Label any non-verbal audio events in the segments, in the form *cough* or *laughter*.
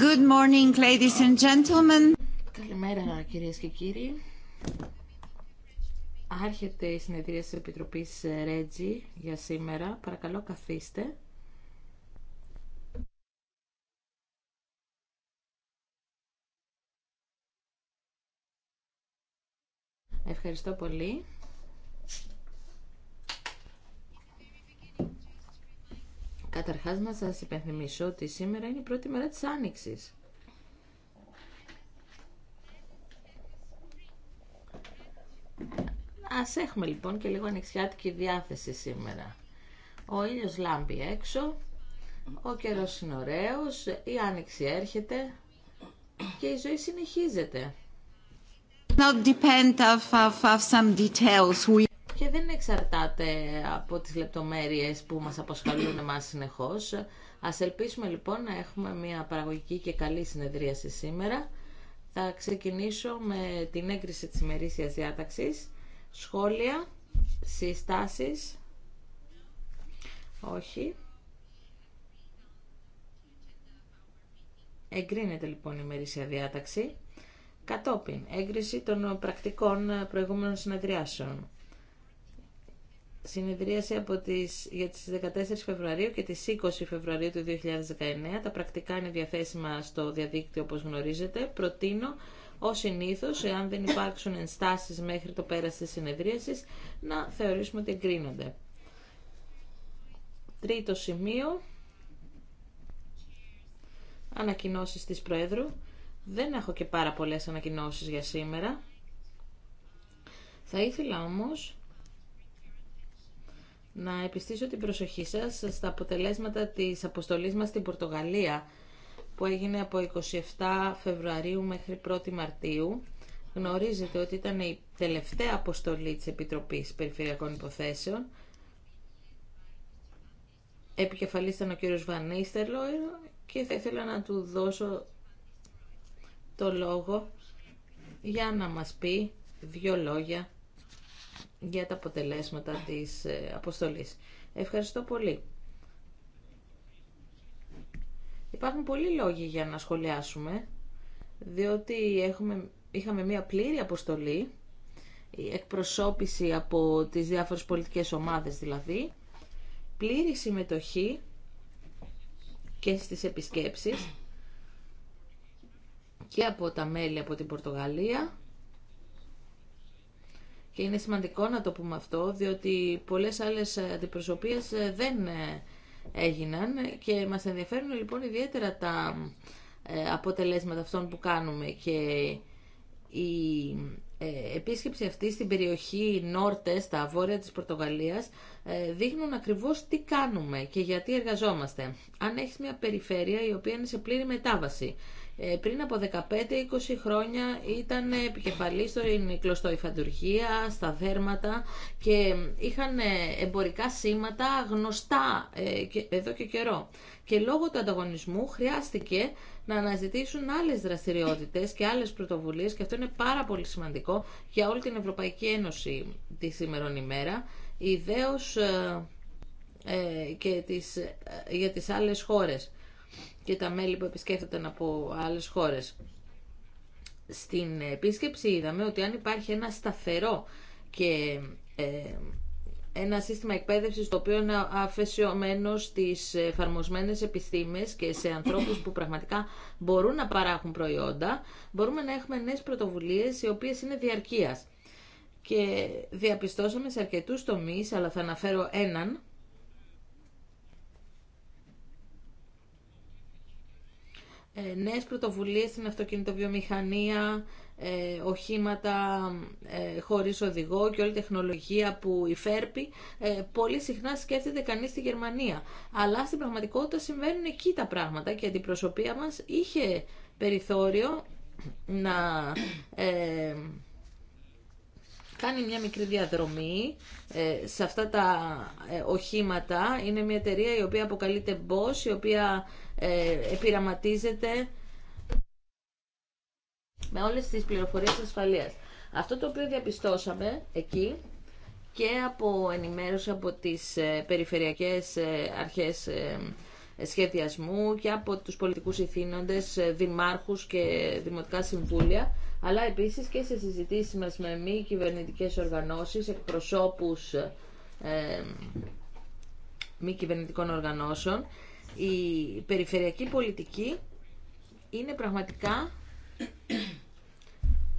Good morning, ladies and gentlemen. Καλημέρα κυρίες και κύριοι. Άρχεται η συνεδρία της Επιτροπής ε, Ρέτζι για σήμερα. Παρακαλώ καθίστε. Ευχαριστώ πολύ. Καταρχάς να σας υπενθυμίσω ότι σήμερα είναι η πρώτη μέρα της Άνοιξης. Ας έχουμε λοιπόν και λίγο ανοιξιάτικη διάθεση σήμερα. Ο ήλιος λάμπει έξω, ο καιρός είναι ωραίος, η άνοιξη έρχεται και η ζωή συνεχίζεται και δεν εξαρτάται από τις λεπτομέρειες που μας απασχολούν εμάς συνεχώς. Ας ελπίσουμε λοιπόν να έχουμε μια παραγωγική και καλή συνεδρίαση σήμερα. Θα ξεκινήσω με την έγκριση της ημερήσιας διάταξης, σχόλια, συστάσεις, όχι. Εγκρίνεται λοιπόν η ημερήσια διάταξη. Κατόπιν, έγκριση των πρακτικών προηγούμενων συνεδριάσεων συνεδρίαση από τις, για τις 14 Φεβρουαρίου και τις 20 Φεβρουαρίου του 2019. Τα πρακτικά είναι διαθέσιμα στο διαδίκτυο όπως γνωρίζετε. Προτείνω ως συνήθω, εάν δεν υπάρξουν ενστάσεις μέχρι το πέρας της συνεδρίασης, να θεωρήσουμε ότι εγκρίνονται. Τρίτο σημείο, ανακοινώσεις της Προέδρου. Δεν έχω και πάρα πολλές ανακοινώσεις για σήμερα. Θα ήθελα όμως να επιστήσω την προσοχή σας στα αποτελέσματα της αποστολής μας στην Πορτογαλία που έγινε από 27 Φεβρουαρίου μέχρι 1η Μαρτίου. Γνωρίζετε ότι ήταν η τελευταία αποστολή της Επιτροπής Περιφερειακών Υποθέσεων. Επικεφαλής ήταν ο κύριος Βανίστερλο και θα ήθελα να του δώσω το λόγο για να μας πει δύο λόγια για τα αποτελέσματα της ε, αποστολής. Ευχαριστώ πολύ. Υπάρχουν πολλοί λόγοι για να σχολιάσουμε, διότι έχουμε, είχαμε μία πλήρη αποστολή, η εκπροσώπηση από τις διάφορες πολιτικές ομάδες δηλαδή, πλήρη συμμετοχή και στις επισκέψεις και από τα μέλη από την Πορτογαλία και είναι σημαντικό να το πούμε αυτό, διότι πολλές άλλες αντιπροσωπείες ε, δεν ε, έγιναν και μας ενδιαφέρουν λοιπόν ιδιαίτερα τα ε, αποτελέσματα αυτών που κάνουμε και η επίσκεψη αυτή στην περιοχή Νόρτε, στα βόρεια της Πορτογαλίας, δείχνουν ακριβώς τι κάνουμε και γιατί εργαζόμαστε. Αν έχεις μια περιφέρεια η οποία είναι σε πλήρη μετάβαση ε, πριν από 15-20 χρόνια ήταν επικεφαλής στην κλωστοϊφαντουργία, στα δέρματα και είχαν ε, εμπορικά σήματα γνωστά ε, και, εδώ και καιρό. Και λόγω του ανταγωνισμού χρειάστηκε να αναζητήσουν άλλες δραστηριότητες και άλλες πρωτοβουλίες και αυτό είναι πάρα πολύ σημαντικό για όλη την Ευρωπαϊκή Ένωση τη σήμερον ημέρα, ιδέως ε, ε και τις, για τις άλλες χώρες και τα μέλη που επισκέφτονταν από άλλες χώρες. Στην επίσκεψη είδαμε ότι αν υπάρχει ένα σταθερό και ε, ένα σύστημα εκπαίδευσης το οποίο είναι αφαισιωμένο στις εφαρμοσμένες επιστήμες και σε ανθρώπους που πραγματικά μπορούν να παράγουν προϊόντα, μπορούμε να έχουμε νέες πρωτοβουλίες οι οποίες είναι διαρκείας. Και διαπιστώσαμε σε αρκετούς τομείς, αλλά θα αναφέρω έναν, ε, νέες πρωτοβουλίες στην αυτοκινητοβιομηχανία, ε, οχήματα ε, χωρίς οδηγό και όλη η τεχνολογία που υφέρπει, ε, πολύ συχνά σκέφτεται κανείς στη Γερμανία. Αλλά στην πραγματικότητα συμβαίνουν εκεί τα πράγματα και η αντιπροσωπεία μας είχε περιθώριο να... Ε, κάνει μια μικρή διαδρομή ε, σε αυτά τα ε, οχήματα. Είναι μια εταιρεία η οποία αποκαλείται Bosch, η οποία ε, με όλες τις πληροφορίες ασφαλείας. Αυτό το οποίο διαπιστώσαμε εκεί και από ενημέρωση από τις ε, περιφερειακές αρχές σχεδιασμού και από τους πολιτικούς ηθήνοντες, δημάρχους και δημοτικά συμβούλια αλλά επίσης και σε συζητήσεις μας με μη κυβερνητικές οργανώσεις, εκπροσώπους ε, μη κυβερνητικών οργανώσεων, η περιφερειακή πολιτική είναι πραγματικά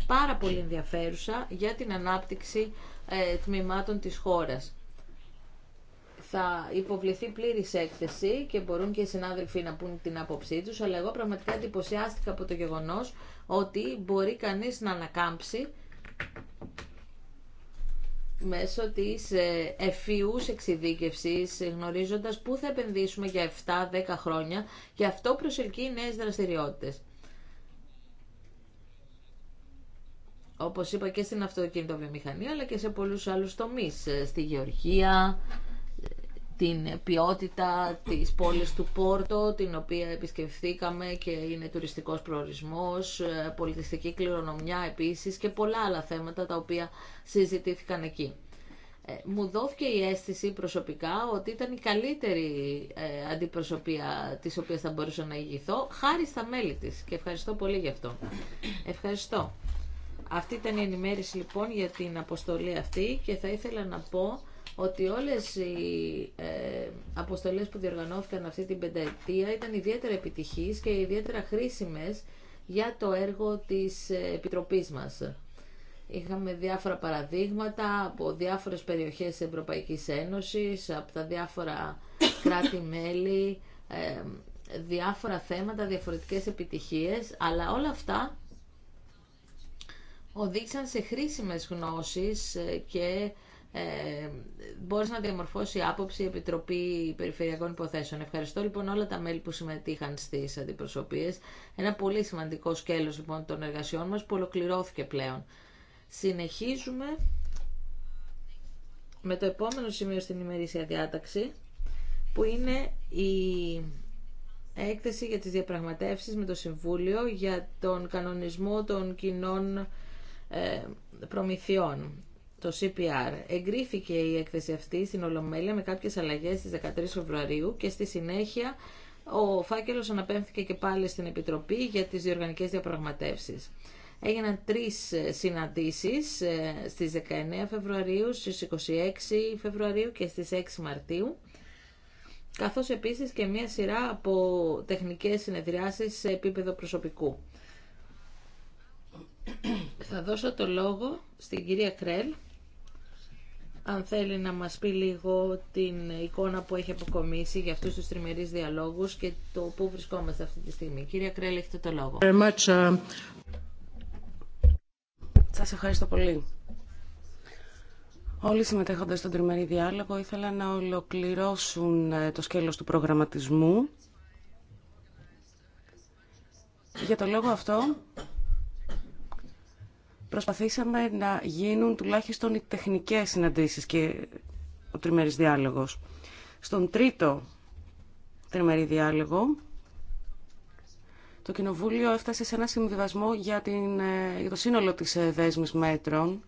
πάρα πολύ ενδιαφέρουσα για την ανάπτυξη ε, τμήματων της χώρας θα υποβληθεί πλήρη έκθεση και μπορούν και οι συνάδελφοι να πούν την άποψή του. αλλά εγώ πραγματικά εντυπωσιάστηκα από το γεγονό ότι μπορεί κανεί να ανακάμψει μέσω της ε, εφιούς εξειδίκευσης, γνωρίζοντας πού θα επενδύσουμε για 7-10 χρόνια και αυτό προσελκύει νέες δραστηριότητες. όπως είπα και στην αυτοκινητοβιομηχανία αλλά και σε πολλούς άλλους τομείς, ε, στη γεωργία, την ποιότητα της πόλης του Πόρτο, την οποία επισκεφθήκαμε και είναι τουριστικός προορισμός, ε, πολιτιστική κληρονομιά επίσης και πολλά άλλα θέματα τα οποία συζητήθηκαν εκεί. Ε, μου δόθηκε η αίσθηση προσωπικά ότι ήταν η καλύτερη ε, αντιπροσωπεία της οποίας θα μπορούσα να ηγηθώ, χάρη στα μέλη της και ευχαριστώ πολύ γι' αυτό. Ευχαριστώ. Αυτή ήταν η ενημέρωση λοιπόν για την αποστολή αυτή και θα ήθελα να πω ότι όλες οι ε, αποστολές που διοργανώθηκαν αυτή την πενταετία ήταν ιδιαίτερα επιτυχείς και ιδιαίτερα χρήσιμες για το έργο της ε, Επιτροπής μας. Είχαμε διάφορα παραδείγματα από διάφορες περιοχές της Ευρωπαϊκής Ένωσης, από τα διάφορα *coughs* κράτη-μέλη, ε, διάφορα θέματα, διαφορετικές επιτυχίες, αλλά όλα αυτά οδήγησαν σε χρήσιμες γνώσεις ε, και ε, να διαμορφώσει άποψη η Επιτροπή Περιφερειακών Υποθέσεων. Ευχαριστώ λοιπόν όλα τα μέλη που συμμετείχαν στις αντιπροσωπείες. Ένα πολύ σημαντικό σκέλος λοιπόν των εργασιών μας που ολοκληρώθηκε πλέον. Συνεχίζουμε με το επόμενο σημείο στην ημερήσια διάταξη που είναι η έκθεση για τις διαπραγματεύσεις με το Συμβούλιο για τον κανονισμό των κοινών ε, προμηθειών το CPR. Εγκρίθηκε η έκθεση αυτή στην Ολομέλεια με κάποιες αλλαγές στις 13 Φεβρουαρίου και στη συνέχεια ο φάκελος αναπέμφθηκε και πάλι στην Επιτροπή για τις διοργανικές διαπραγματεύσεις. Έγιναν τρεις ε, συναντήσεις ε, στις 19 Φεβρουαρίου, στις 26 Φεβρουαρίου και στις 6 Μαρτίου καθώς επίσης και μία σειρά από τεχνικές συνεδριάσεις σε επίπεδο προσωπικού. Θα δώσω το λόγο στην κυρία Κρέλ αν θέλει να μας πει λίγο την εικόνα που έχει αποκομίσει για αυτούς τους τριμερείς διαλόγους και το πού βρισκόμαστε αυτή τη στιγμή. Κυρία Κρέλη, έχετε το λόγο. Uh, Σας ευχαριστώ πολύ. Όλοι συμμετέχοντες στον τριμερή διάλογο ήθελα να ολοκληρώσουν ε, το σκέλος του προγραμματισμού. Για το λόγο αυτό προσπαθήσαμε να γίνουν τουλάχιστον οι τεχνικές συναντήσεις και ο τριμερής διάλογος. Στον τρίτο τριμερή διάλογο, το Κοινοβούλιο έφτασε σε ένα συμβιβασμό για, την, ε, το σύνολο της ε, δέσμης μέτρων,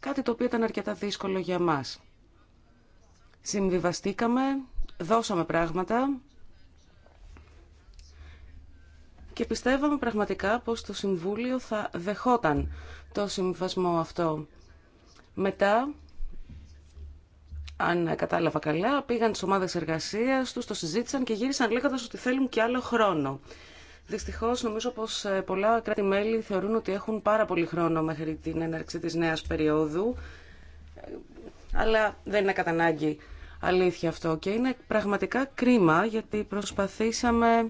κάτι το οποίο ήταν αρκετά δύσκολο για μας. Συμβιβαστήκαμε, δώσαμε πράγματα, και πιστεύαμε πραγματικά πως το Συμβούλιο θα δεχόταν το συμβασμό αυτό. Μετά, αν κατάλαβα καλά, πήγαν τις ομάδες εργασίας τους, το συζήτησαν και γύρισαν λέγοντας ότι θέλουν και άλλο χρόνο. Δυστυχώ, νομίζω πω ε, πολλά κράτη-μέλη θεωρούν ότι έχουν πάρα πολύ χρόνο μέχρι την έναρξη τη νέα περίοδου. Ε, αλλά δεν είναι κατά ανάγκη αλήθεια αυτό. Και είναι πραγματικά κρίμα γιατί προσπαθήσαμε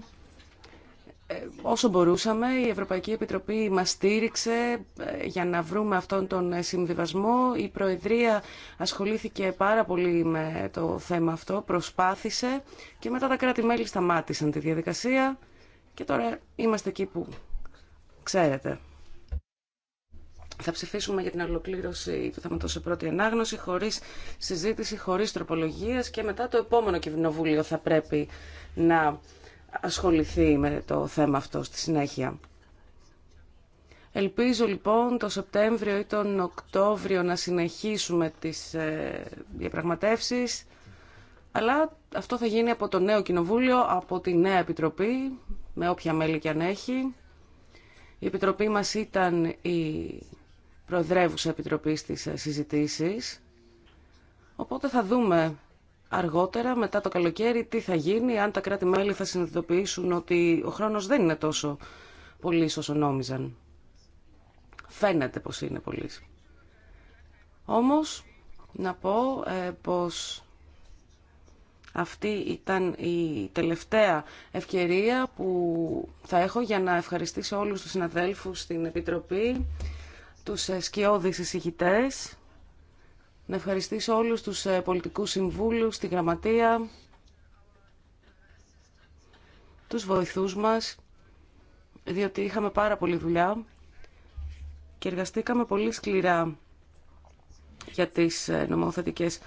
ε, όσο μπορούσαμε, η Ευρωπαϊκή Επιτροπή μας στήριξε ε, για να βρούμε αυτόν τον ε, συμβιβασμό. Η Προεδρία ασχολήθηκε πάρα πολύ με το θέμα αυτό, προσπάθησε και μετά τα κράτη-μέλη σταμάτησαν τη διαδικασία και τώρα είμαστε εκεί που ξέρετε. Θα ψηφίσουμε για την ολοκλήρωση του θέματος σε πρώτη ανάγνωση, χωρίς συζήτηση, χωρίς τροπολογίες και μετά το επόμενο κοινοβούλιο θα πρέπει να ασχοληθεί με το θέμα αυτό στη συνέχεια. Ελπίζω λοιπόν το Σεπτέμβριο ή τον Οκτώβριο να συνεχίσουμε τις ε, διαπραγματεύσεις, αλλά αυτό θα γίνει από το νέο Κοινοβούλιο, από τη νέα Επιτροπή, με όποια μέλη και αν έχει. Η Επιτροπή μας ήταν η Προεδρεύουσα Επιτροπή στις ε, συζητήσεις, οπότε θα δούμε αργότερα μετά το καλοκαίρι τι θα γίνει αν τα κράτη-μέλη θα συνειδητοποιήσουν ότι ο χρόνος δεν είναι τόσο πολύ όσο νόμιζαν. Φαίνεται πως είναι πολύ. Όμως να πω ε, πως αυτή ήταν η τελευταία ευκαιρία που θα έχω για να ευχαριστήσω όλους τους συναδέλφους στην Επιτροπή, τους ε, σκιώδεις εισηγητές να ευχαριστήσω όλους τους ε, πολιτικούς συμβούλους, τη γραμματεία, τους βοηθούς μας, διότι είχαμε πάρα πολλή δουλειά και εργαστήκαμε πολύ σκληρά για τις ε, νομοθετικές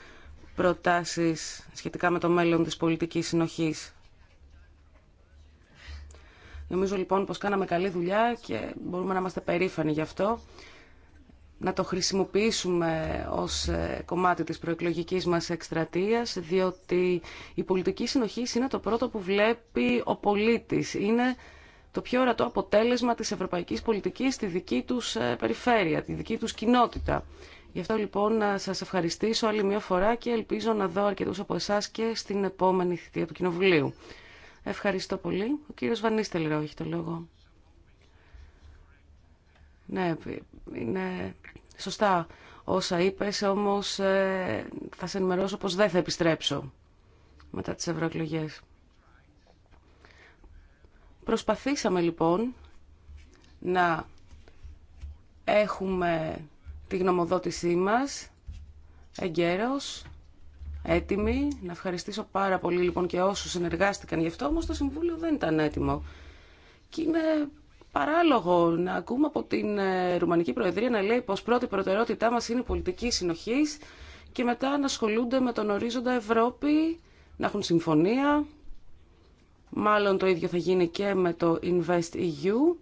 προτάσεις σχετικά με το μέλλον της πολιτικής συνοχής. Νομίζω λοιπόν πως κάναμε καλή δουλειά και μπορούμε να είμαστε περήφανοι γι' αυτό να το χρησιμοποιήσουμε ως ε, κομμάτι της προεκλογικής μας εκστρατείας, διότι η πολιτική συνοχή είναι το πρώτο που βλέπει ο πολίτης. Είναι το πιο ορατό αποτέλεσμα της ευρωπαϊκής πολιτικής στη δική τους ε, περιφέρεια, τη δική τους κοινότητα. Γι' αυτό λοιπόν να σας ευχαριστήσω άλλη μια φορά και ελπίζω να δω αρκετούς από εσά και στην επόμενη θητεία του Κοινοβουλίου. Ευχαριστώ πολύ. Ο κύριος Βανίστελ έχει το λόγο. Ναι, είναι σωστά όσα είπες, όμως ε, θα σε ενημερώσω πως δεν θα επιστρέψω μετά τις ευρωεκλογέ. Προσπαθήσαμε λοιπόν να έχουμε τη γνωμοδότησή μας εγκαίρως, έτοιμη. Να ευχαριστήσω πάρα πολύ λοιπόν και όσους συνεργάστηκαν γι' αυτό, όμως το Συμβούλιο δεν ήταν έτοιμο. Και είναι παράλογο να ακούμε από την ε, Ρουμανική Προεδρία να λέει πως πρώτη προτεραιότητά μας είναι η πολιτική συνοχή και μετά να ασχολούνται με τον ορίζοντα Ευρώπη, να έχουν συμφωνία. Μάλλον το ίδιο θα γίνει και με το Invest EU.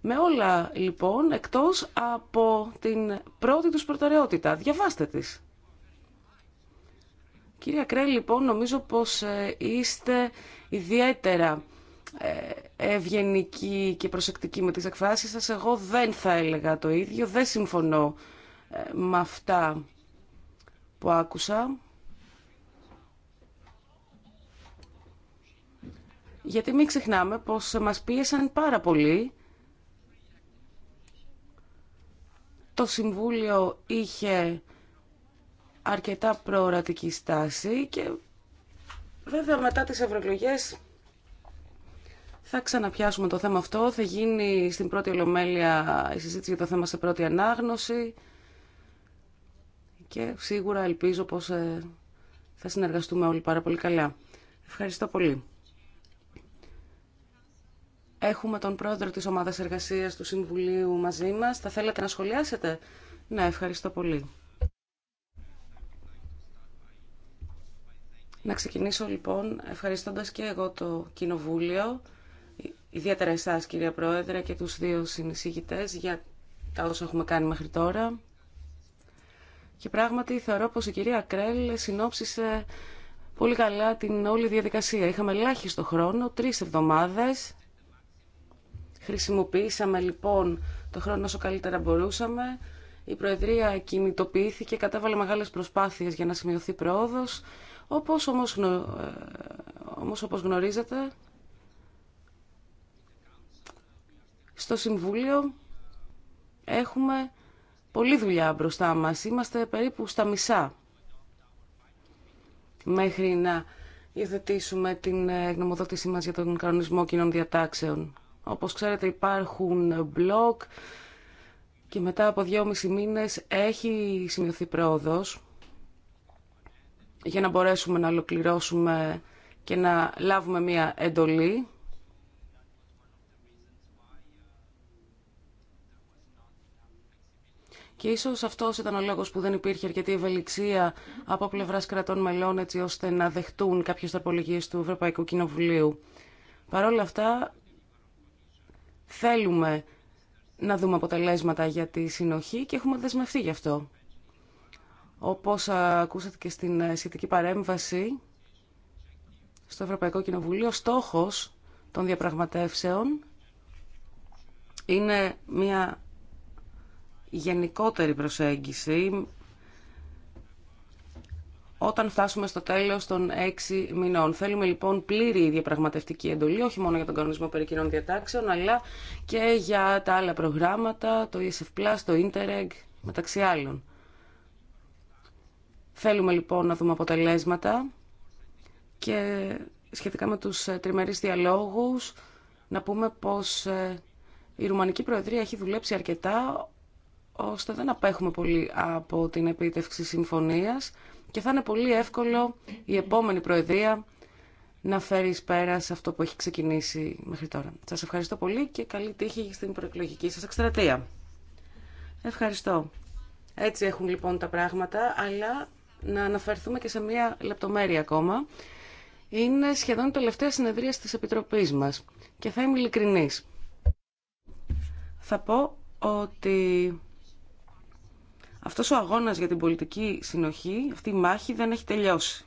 Με όλα λοιπόν, εκτός από την πρώτη τους προτεραιότητα. Διαβάστε τις. Κυρία Κρέλη, λοιπόν, νομίζω πως ε, είστε ιδιαίτερα ε, ευγενική και προσεκτική με τις εκφράσεις σας. Εγώ δεν θα έλεγα το ίδιο, δεν συμφωνώ ε, με αυτά που άκουσα. Γιατί μην ξεχνάμε πως μας πίεσαν πάρα πολύ. Το Συμβούλιο είχε αρκετά προορατική στάση και βέβαια μετά τις ευρωεκλογές θα ξαναπιάσουμε το θέμα αυτό. Θα γίνει στην πρώτη ολομέλεια η συζήτηση για το θέμα σε πρώτη ανάγνωση. Και σίγουρα ελπίζω πως ε, θα συνεργαστούμε όλοι πάρα πολύ καλά. Ευχαριστώ πολύ. Έχουμε τον πρόεδρο της ομάδας εργασίας του Συμβουλίου μαζί μας. Θα θέλατε να σχολιάσετε. Ναι, ευχαριστώ πολύ. Να ξεκινήσω λοιπόν ευχαριστώντας και εγώ το Κοινοβούλιο ιδιαίτερα εσάς κυρία Πρόεδρε και τους δύο συνεισηγητές για τα όσα έχουμε κάνει μέχρι τώρα. Και πράγματι θεωρώ πως η κυρία Κρέλ συνόψισε πολύ καλά την όλη διαδικασία. Είχαμε ελάχιστο χρόνο, τρεις εβδομάδες. Χρησιμοποιήσαμε λοιπόν το χρόνο όσο καλύτερα μπορούσαμε. Η Προεδρία κινητοποιήθηκε, κατέβαλε μεγάλες προσπάθειες για να σημειωθεί πρόοδος. Όπως όμως, ε, γνωρίζετε, στο Συμβούλιο έχουμε πολλή δουλειά μπροστά μας. Είμαστε περίπου στα μισά μέχρι να υιοθετήσουμε την ε, γνωμοδότησή μας για τον κανονισμό κοινών διατάξεων. Όπως ξέρετε υπάρχουν μπλοκ και μετά από δυόμισι μήνες έχει σημειωθεί πρόοδος για να μπορέσουμε να ολοκληρώσουμε και να λάβουμε μία εντολή Και ίσω αυτός ήταν ο λόγος που δεν υπήρχε αρκετή ευελιξία από πλευρά κρατών μελών έτσι ώστε να δεχτούν κάποιες τροπολογίε του Ευρωπαϊκού Κοινοβουλίου. Παρ' όλα αυτά θέλουμε να δούμε αποτελέσματα για τη συνοχή και έχουμε δεσμευτεί γι' αυτό. Όπω ακούσατε και στην σχετική παρέμβαση στο Ευρωπαϊκό Κοινοβουλίο, στόχο των διαπραγματεύσεων είναι μια γενικότερη προσέγγιση όταν φτάσουμε στο τέλος των έξι μηνών. Θέλουμε λοιπόν πλήρη διαπραγματευτική εντολή, όχι μόνο για τον κανονισμό περί κοινών διατάξεων, αλλά και για τα άλλα προγράμματα, το ESF+, το Interreg, μεταξύ άλλων. Θέλουμε λοιπόν να δούμε αποτελέσματα και σχετικά με τους ε, τριμερείς διαλόγους να πούμε πως ε, η Ρουμανική Προεδρία έχει δουλέψει αρκετά ώστε δεν απέχουμε πολύ από την επίτευξη συμφωνίας και θα είναι πολύ εύκολο η επόμενη Προεδρία να φέρει πέρα σε αυτό που έχει ξεκινήσει μέχρι τώρα. Σας ευχαριστώ πολύ και καλή τύχη στην προεκλογική σας εκστρατεία. Ευχαριστώ. Έτσι έχουν λοιπόν τα πράγματα, αλλά να αναφερθούμε και σε μία λεπτομέρεια ακόμα. Είναι σχεδόν η τελευταία συνεδρία της Επιτροπής μας και θα είμαι ειλικρινής. Θα πω ότι αυτός ο αγώνας για την πολιτική συνοχή, αυτή η μάχη δεν έχει τελειώσει.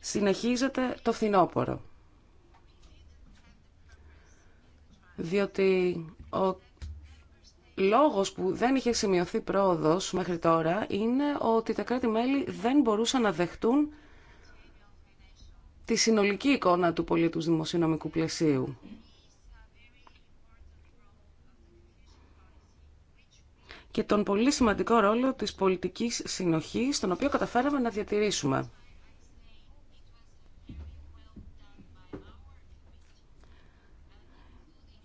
Συνεχίζεται το φθινόπωρο. Διότι ο λόγος που δεν είχε σημειωθεί πρόοδος μέχρι τώρα είναι ότι τα κράτη-μέλη δεν μπορούσαν να δεχτούν τη συνολική εικόνα του πολιτούς δημοσιονομικού πλαισίου. και τον πολύ σημαντικό ρόλο της πολιτικής συνοχής, τον οποίο καταφέραμε να διατηρήσουμε.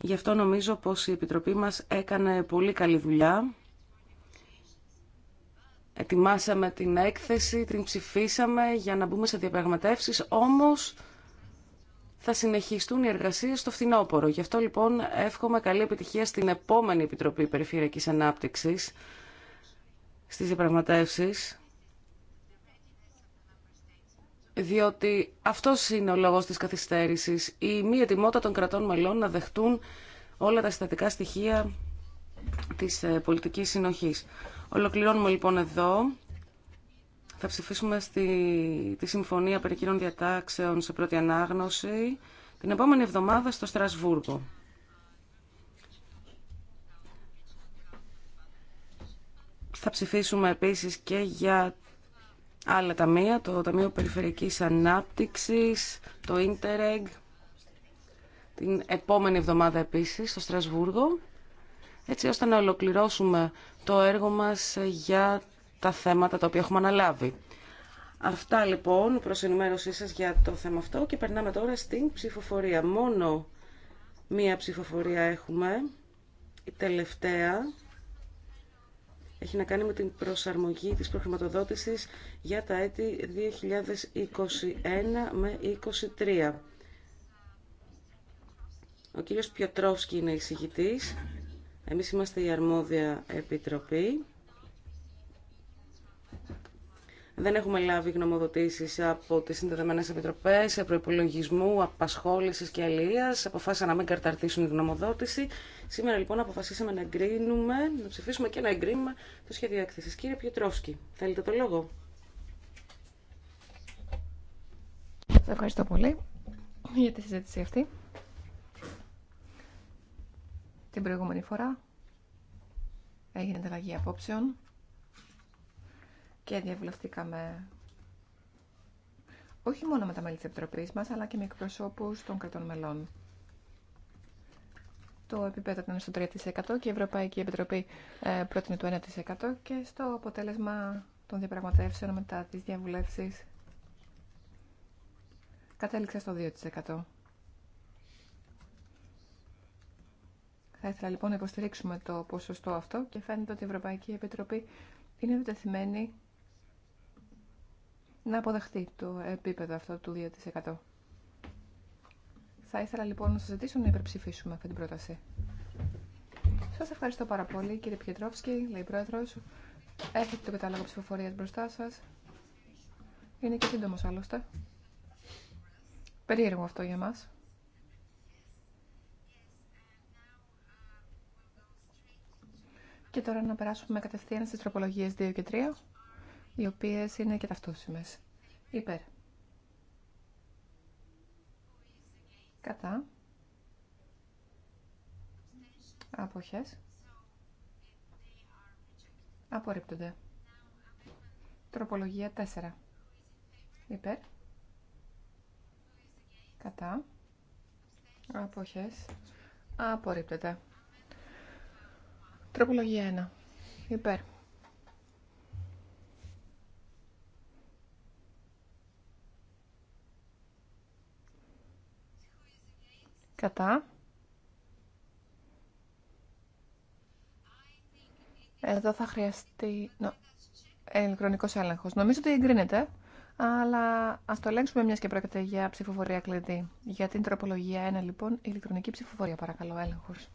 Γι' αυτό νομίζω πως η Επιτροπή μας έκανε πολύ καλή δουλειά. Ετοιμάσαμε την έκθεση, την ψηφίσαμε για να μπούμε σε διαπραγματεύσεις, όμως θα συνεχιστούν οι εργασίες στο φθινόπωρο. Γι' αυτό λοιπόν εύχομαι καλή επιτυχία στην επόμενη Επιτροπή Περιφυριακή Ανάπτυξης στις διαπραγματεύσει. διότι αυτό είναι ο λόγος της καθυστέρησης, η μη ετοιμότητα των κρατών μελών να δεχτούν όλα τα συστατικά στοιχεία της ε, πολιτικής συνοχή. Ολοκληρώνουμε λοιπόν εδώ θα ψηφίσουμε στη, τη συμφωνία περί διατάξεων σε πρώτη ανάγνωση την επόμενη εβδομάδα στο Στρασβούργο. Θα ψηφίσουμε επίσης και για άλλα ταμεία, το Ταμείο Περιφερειακής Ανάπτυξης, το Ίντερεγ, την επόμενη εβδομάδα επίσης στο Στρασβούργο, έτσι ώστε να ολοκληρώσουμε το έργο μας για τα θέματα τα οποία έχουμε αναλάβει. Αυτά λοιπόν προς ενημέρωσή σας για το θέμα αυτό και περνάμε τώρα στην ψηφοφορία. Μόνο μία ψηφοφορία έχουμε, η τελευταία έχει να κάνει με την προσαρμογή της προχρηματοδότησης για τα έτη 2021 με 2023. Ο κύριος Πιοτρόφσκι είναι εισηγητής. Εμείς είμαστε η αρμόδια επιτροπή. Δεν έχουμε λάβει γνωμοδοτήσεις από τις συνδεδεμένε επιτροπές, ε, προπολογισμού, απασχόληση και αλληλεία. Αποφάσισα να μην καρταρτήσουν η γνωμοδότηση. Σήμερα λοιπόν αποφασίσαμε να εγκρίνουμε, να ψηφίσουμε και να εγκρίνουμε το σχέδιο έκθεσης. Κύριε Πιετρόφσκι, θέλετε το λόγο. Σας ευχαριστώ πολύ για τη συζήτηση αυτή. Την προηγούμενη φορά έγινε ανταλλαγή απόψεων και διαβουλευτήκαμε όχι μόνο με τα μέλη της Επιτροπής μας, αλλά και με εκπροσώπους των κρατών μελών. Το επίπεδο ήταν στο 3% και η Ευρωπαϊκή Επιτροπή ε, πρότεινε το 1% και στο αποτέλεσμα των διαπραγματεύσεων μετά τις διαβουλεύσεις κατέληξε στο 2%. Θα ήθελα λοιπόν να υποστηρίξουμε το ποσοστό αυτό και φαίνεται ότι η Ευρωπαϊκή Επιτροπή είναι δεδεθειμένη να αποδεχτεί το επίπεδο αυτό του 2%. Θα ήθελα λοιπόν να σας ζητήσω να υπερψηφίσουμε αυτή την πρόταση. Σας ευχαριστώ πάρα πολύ κύριε Πιετρόφσκι, λέει πρόεδρος. Έχετε το κατάλογο ψηφοφορίας μπροστά σας. Είναι και σύντομο άλλωστε. Περίεργο αυτό για μας. Και τώρα να περάσουμε κατευθείαν στις τροπολογίες 2 και 3 οι οποίες είναι και ταυτόσιμες. Υπέρ. Κατά. Αποχές. Απορρίπτονται. Τροπολογία 4. Υπέρ. Κατά. Αποχές. Απορρίπτονται. Τροπολογία 1. Υπέρ. Κατά. Εδώ θα χρειαστεί νο, ηλεκτρονικός έλεγχος. Νομίζω ότι εγκρίνεται, αλλά ας το ελέγξουμε μια και πρόκειται για ψηφοφορία κλειδί. Για την τροπολογία 1 λοιπόν, ηλεκτρονική ψηφοφορία παρακαλώ, έλεγχος.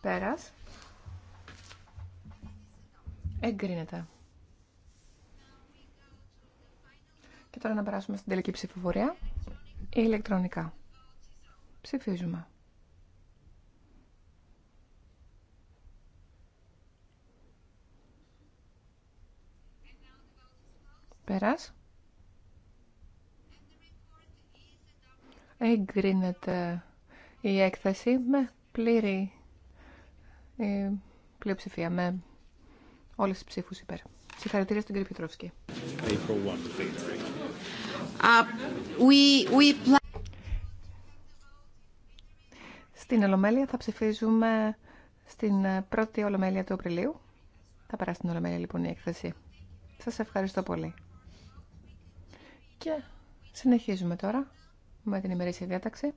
Πέρα. Εγκρίνεται. Και τώρα να περάσουμε στην τελική ψηφοφορία ηλεκτρονικά. Ψηφίζουμε. Πέρας. Εγκρίνεται η έκθεση με πλήρη ε, πλειοψηφία, με όλες τις ψήφους υπέρ. Συγχαρητήρια στον κύριο Πιτρόφσκι. Uh, στην Ολομέλεια θα ψηφίζουμε στην πρώτη Ολομέλεια του Απριλίου. Θα περάσει στην Ολομέλεια λοιπόν η έκθεση. Σας ευχαριστώ πολύ. Και συνεχίζουμε τώρα με την ημερήσια διάταξη.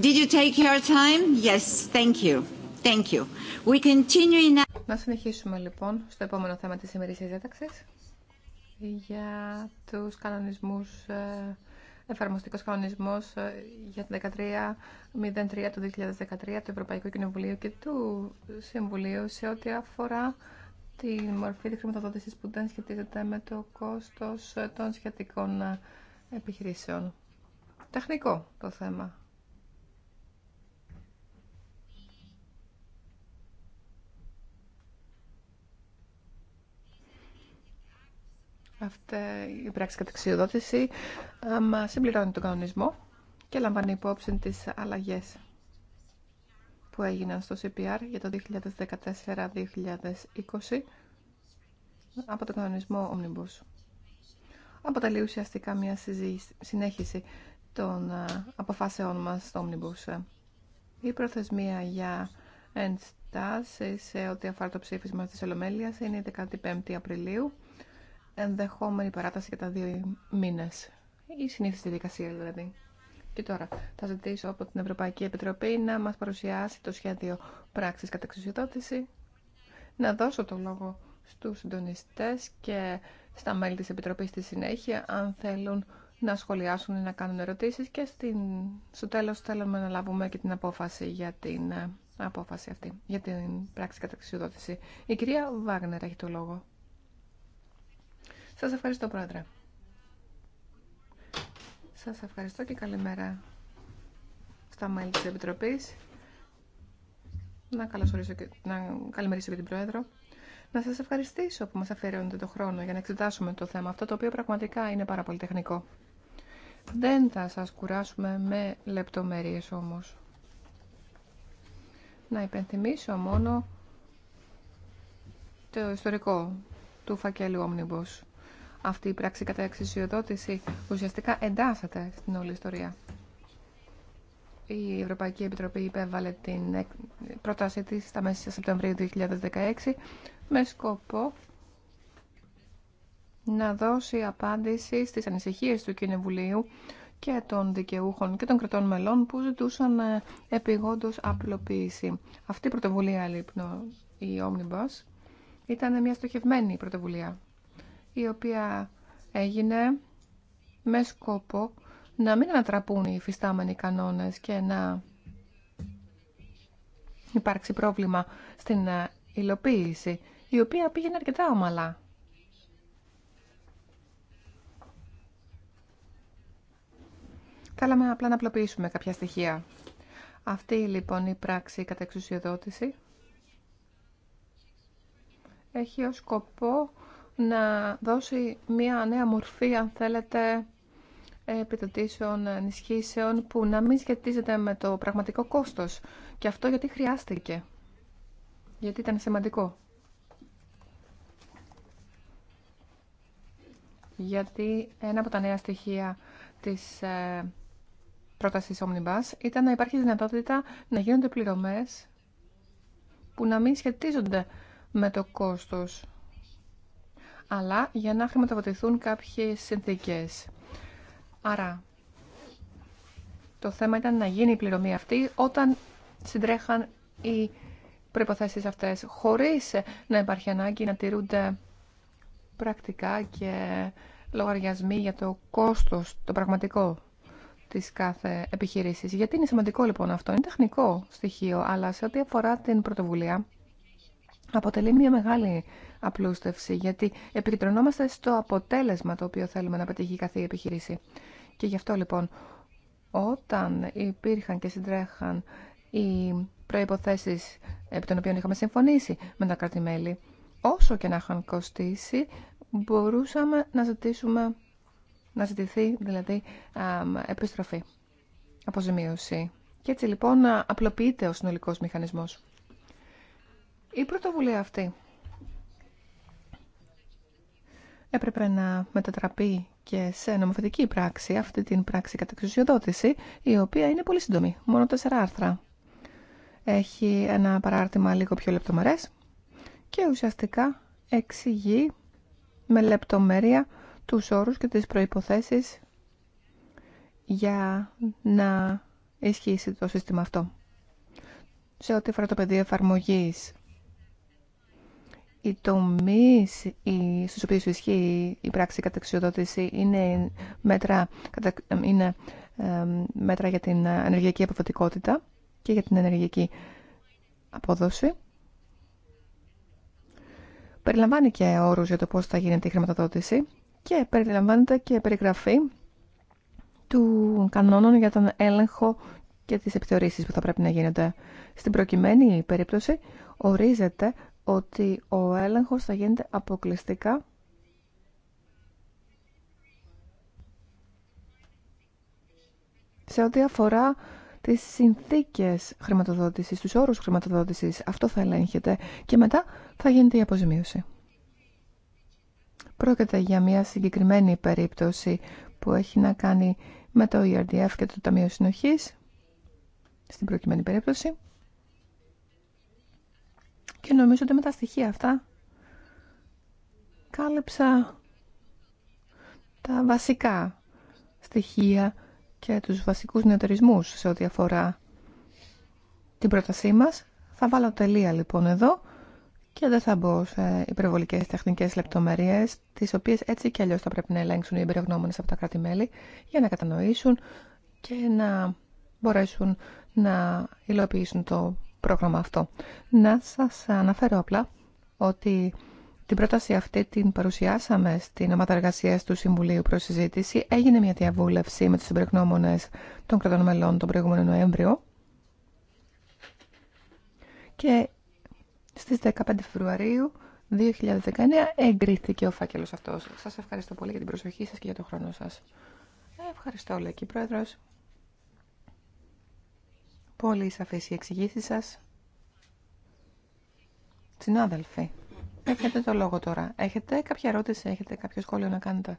Did you take your time? Yes, thank you. Thank you. We continue Να συνεχίσουμε λοιπόν στο επόμενο θέμα της σημερινής διάταξης για τους κανονισμούς, ε, εφαρμοστικός κανονισμός ε, για την 13.03 του 2013 του Ευρωπαϊκού Κοινοβουλίου και του Συμβουλίου σε ό,τι αφορά τη μορφή της χρηματοδότησης που δεν σχετίζεται με το κόστος των σχετικών ε, επιχειρήσεων. Τεχνικό το θέμα Αυτή η πράξη καταξιοδότηση ε, μα συμπληρώνει τον κανονισμό και λαμβάνει υπόψη τις αλλαγέ που έγιναν στο CPR για το 2014-2020 από τον κανονισμό Omnibus. Αποτελεί ουσιαστικά μια συνέχιση των ε, αποφάσεών μας στο Omnibus. Η προθεσμία για ενστάσεις σε ό,τι αφορά το ψήφισμα της Ολομέλειας είναι η 15η Απριλίου ενδεχόμενη παράταση για τα δύο μήνε. Η συνήθιστη διαδικασία δηλαδή. Και τώρα θα ζητήσω από την Ευρωπαϊκή Επιτροπή να μα παρουσιάσει το σχέδιο πράξη κατά να δώσω το λόγο στους συντονιστές και στα μέλη της Επιτροπής στη συνέχεια, αν θέλουν να σχολιάσουν ή να κάνουν ερωτήσεις και στην... στο τέλος θέλουμε να λάβουμε και την απόφαση για την ε, απόφαση αυτή, για την πράξη καταξιοδότηση. Η κυρία Βάγνερ έχει το λόγο. Σας ευχαριστώ, Πρόεδρε. Σας ευχαριστώ και καλημέρα στα μέλη της Επιτροπής. Να, καλωσορίσω και, να καλημερίσω και την Πρόεδρο. Να σας ευχαριστήσω που μας αφαιρώνετε το χρόνο για να εξετάσουμε το θέμα αυτό, το οποίο πραγματικά είναι πάρα πολύ τεχνικό. Δεν θα σας κουράσουμε με λεπτομέρειες όμως. Να υπενθυμίσω μόνο το ιστορικό του φακέλου Omnibus αυτή η πράξη κατά εξουσιοδότηση ουσιαστικά εντάσσεται στην όλη ιστορία. Η Ευρωπαϊκή Επιτροπή υπέβαλε την πρότασή της στα μέσα Σεπτεμβρίου 2016 με σκοπό να δώσει απάντηση στις ανησυχίες του Κοινοβουλίου και των δικαιούχων και των κρατών μελών που ζητούσαν ε, επιγόντως απλοποίηση. Αυτή η πρωτοβουλία, λοιπόν, η Omnibus, ήταν μια στοχευμένη πρωτοβουλία η οποία έγινε με σκόπο να μην ανατραπούν οι υφιστάμενοι κανόνες και να υπάρξει πρόβλημα στην ε, υλοποίηση, η οποία πήγαινε αρκετά ομαλά. Θέλαμε απλά να απλοποιήσουμε κάποια στοιχεία. Αυτή λοιπόν η πράξη κατά εξουσιοδότηση έχει ως σκοπό να δώσει μία νέα μορφή, αν θέλετε, επιδοτήσεων, ενισχύσεων που να μην σχετίζεται με το πραγματικό κόστος. Και αυτό γιατί χρειάστηκε. Γιατί ήταν σημαντικό. Γιατί ένα από τα νέα στοιχεία της ε, πρότασης Omnibus ήταν να υπάρχει δυνατότητα να γίνονται πληρωμές που να μην σχετίζονται με το κόστος αλλά για να χρηματοδοτηθούν κάποιες συνθήκες. Άρα, το θέμα ήταν να γίνει η πληρωμή αυτή όταν συντρέχαν οι προϋποθέσεις αυτές, χωρίς να υπάρχει ανάγκη να τηρούνται πρακτικά και λογαριασμοί για το κόστος, το πραγματικό της κάθε επιχείρησης. Γιατί είναι σημαντικό λοιπόν αυτό, είναι τεχνικό στοιχείο, αλλά σε ό,τι αφορά την πρωτοβουλία αποτελεί μια μεγάλη απλούστευση, γιατί επικεντρωνόμαστε στο αποτέλεσμα το οποίο θέλουμε να πετύχει κάθε επιχείρηση. Και γι' αυτό λοιπόν, όταν υπήρχαν και συντρέχαν οι προϋποθέσεις επί των οποίων είχαμε συμφωνήσει με τα κρατη όσο και να είχαν κοστίσει, μπορούσαμε να ζητήσουμε, να ζητηθεί δηλαδή επιστροφή, αποζημίωση. Και έτσι λοιπόν απλοποιείται ο συνολικός μηχανισμός. Η πρωτοβουλία αυτή έπρεπε να μετατραπεί και σε νομοθετική πράξη, αυτή την πράξη κατά εξουσιοδότηση, η οποία είναι πολύ σύντομη, μόνο τέσσερα άρθρα. Έχει ένα παράρτημα λίγο πιο λεπτομερές και ουσιαστικά εξηγεί με λεπτομέρεια τους όρους και τις προϋποθέσεις για να ισχύσει το σύστημα αυτό. Σε ό,τι αφορά το πεδίο εφαρμογής οι τομεί στου οποίου ισχύει η πράξη καταξιοδότηση είναι μέτρα, είναι μέτρα για την ενεργειακή αποφατικότητα και για την ενεργειακή απόδοση. Περιλαμβάνει και όρους για το πώς θα γίνεται η χρηματοδότηση και περιλαμβάνεται και περιγραφή του κανόνων για τον έλεγχο και τις επιθεωρήσεις που θα πρέπει να γίνονται. Στην προκειμένη περίπτωση ορίζεται ότι ο έλεγχος θα γίνεται αποκλειστικά σε ό,τι αφορά τις συνθήκες χρηματοδότησης, τους όρους χρηματοδότησης. Αυτό θα ελέγχεται και μετά θα γίνεται η αποζημίωση. Πρόκειται για μια συγκεκριμένη περίπτωση που έχει να κάνει με το ERDF και το Ταμείο Συνοχής, στην προκειμένη περίπτωση. Και νομίζω ότι με τα στοιχεία αυτά κάλυψα τα βασικά στοιχεία και τους βασικούς νεοτερισμούς σε ό,τι αφορά την πρότασή μας. Θα βάλω τελεία λοιπόν εδώ και δεν θα μπω σε υπερβολικές τεχνικές λεπτομέρειες, τις οποίες έτσι και αλλιώς θα πρέπει να ελέγξουν οι εμπειρογνώμονες από τα κράτη-μέλη για να κατανοήσουν και να μπορέσουν να υλοποιήσουν το πρόγραμμα αυτό. Να σας αναφέρω απλά ότι την πρόταση αυτή την παρουσιάσαμε στην ομάδα εργασία του Συμβουλίου προ Έγινε μια διαβούλευση με του συμπρεγνώμονε των κρατών μελών τον προηγούμενο Νοέμβριο. Και στις 15 Φεβρουαρίου 2019 εγκρίθηκε ο φάκελο αυτό. Σα ευχαριστώ πολύ για την προσοχή σα και για τον χρόνο σα. Ευχαριστώ, λέει και Πρόεδρος. Πολύ σαφής η εξηγήση σας. Συνάδελφοι, έχετε το λόγο τώρα. Έχετε κάποια ερώτηση, έχετε κάποιο σχόλιο να κάνετε.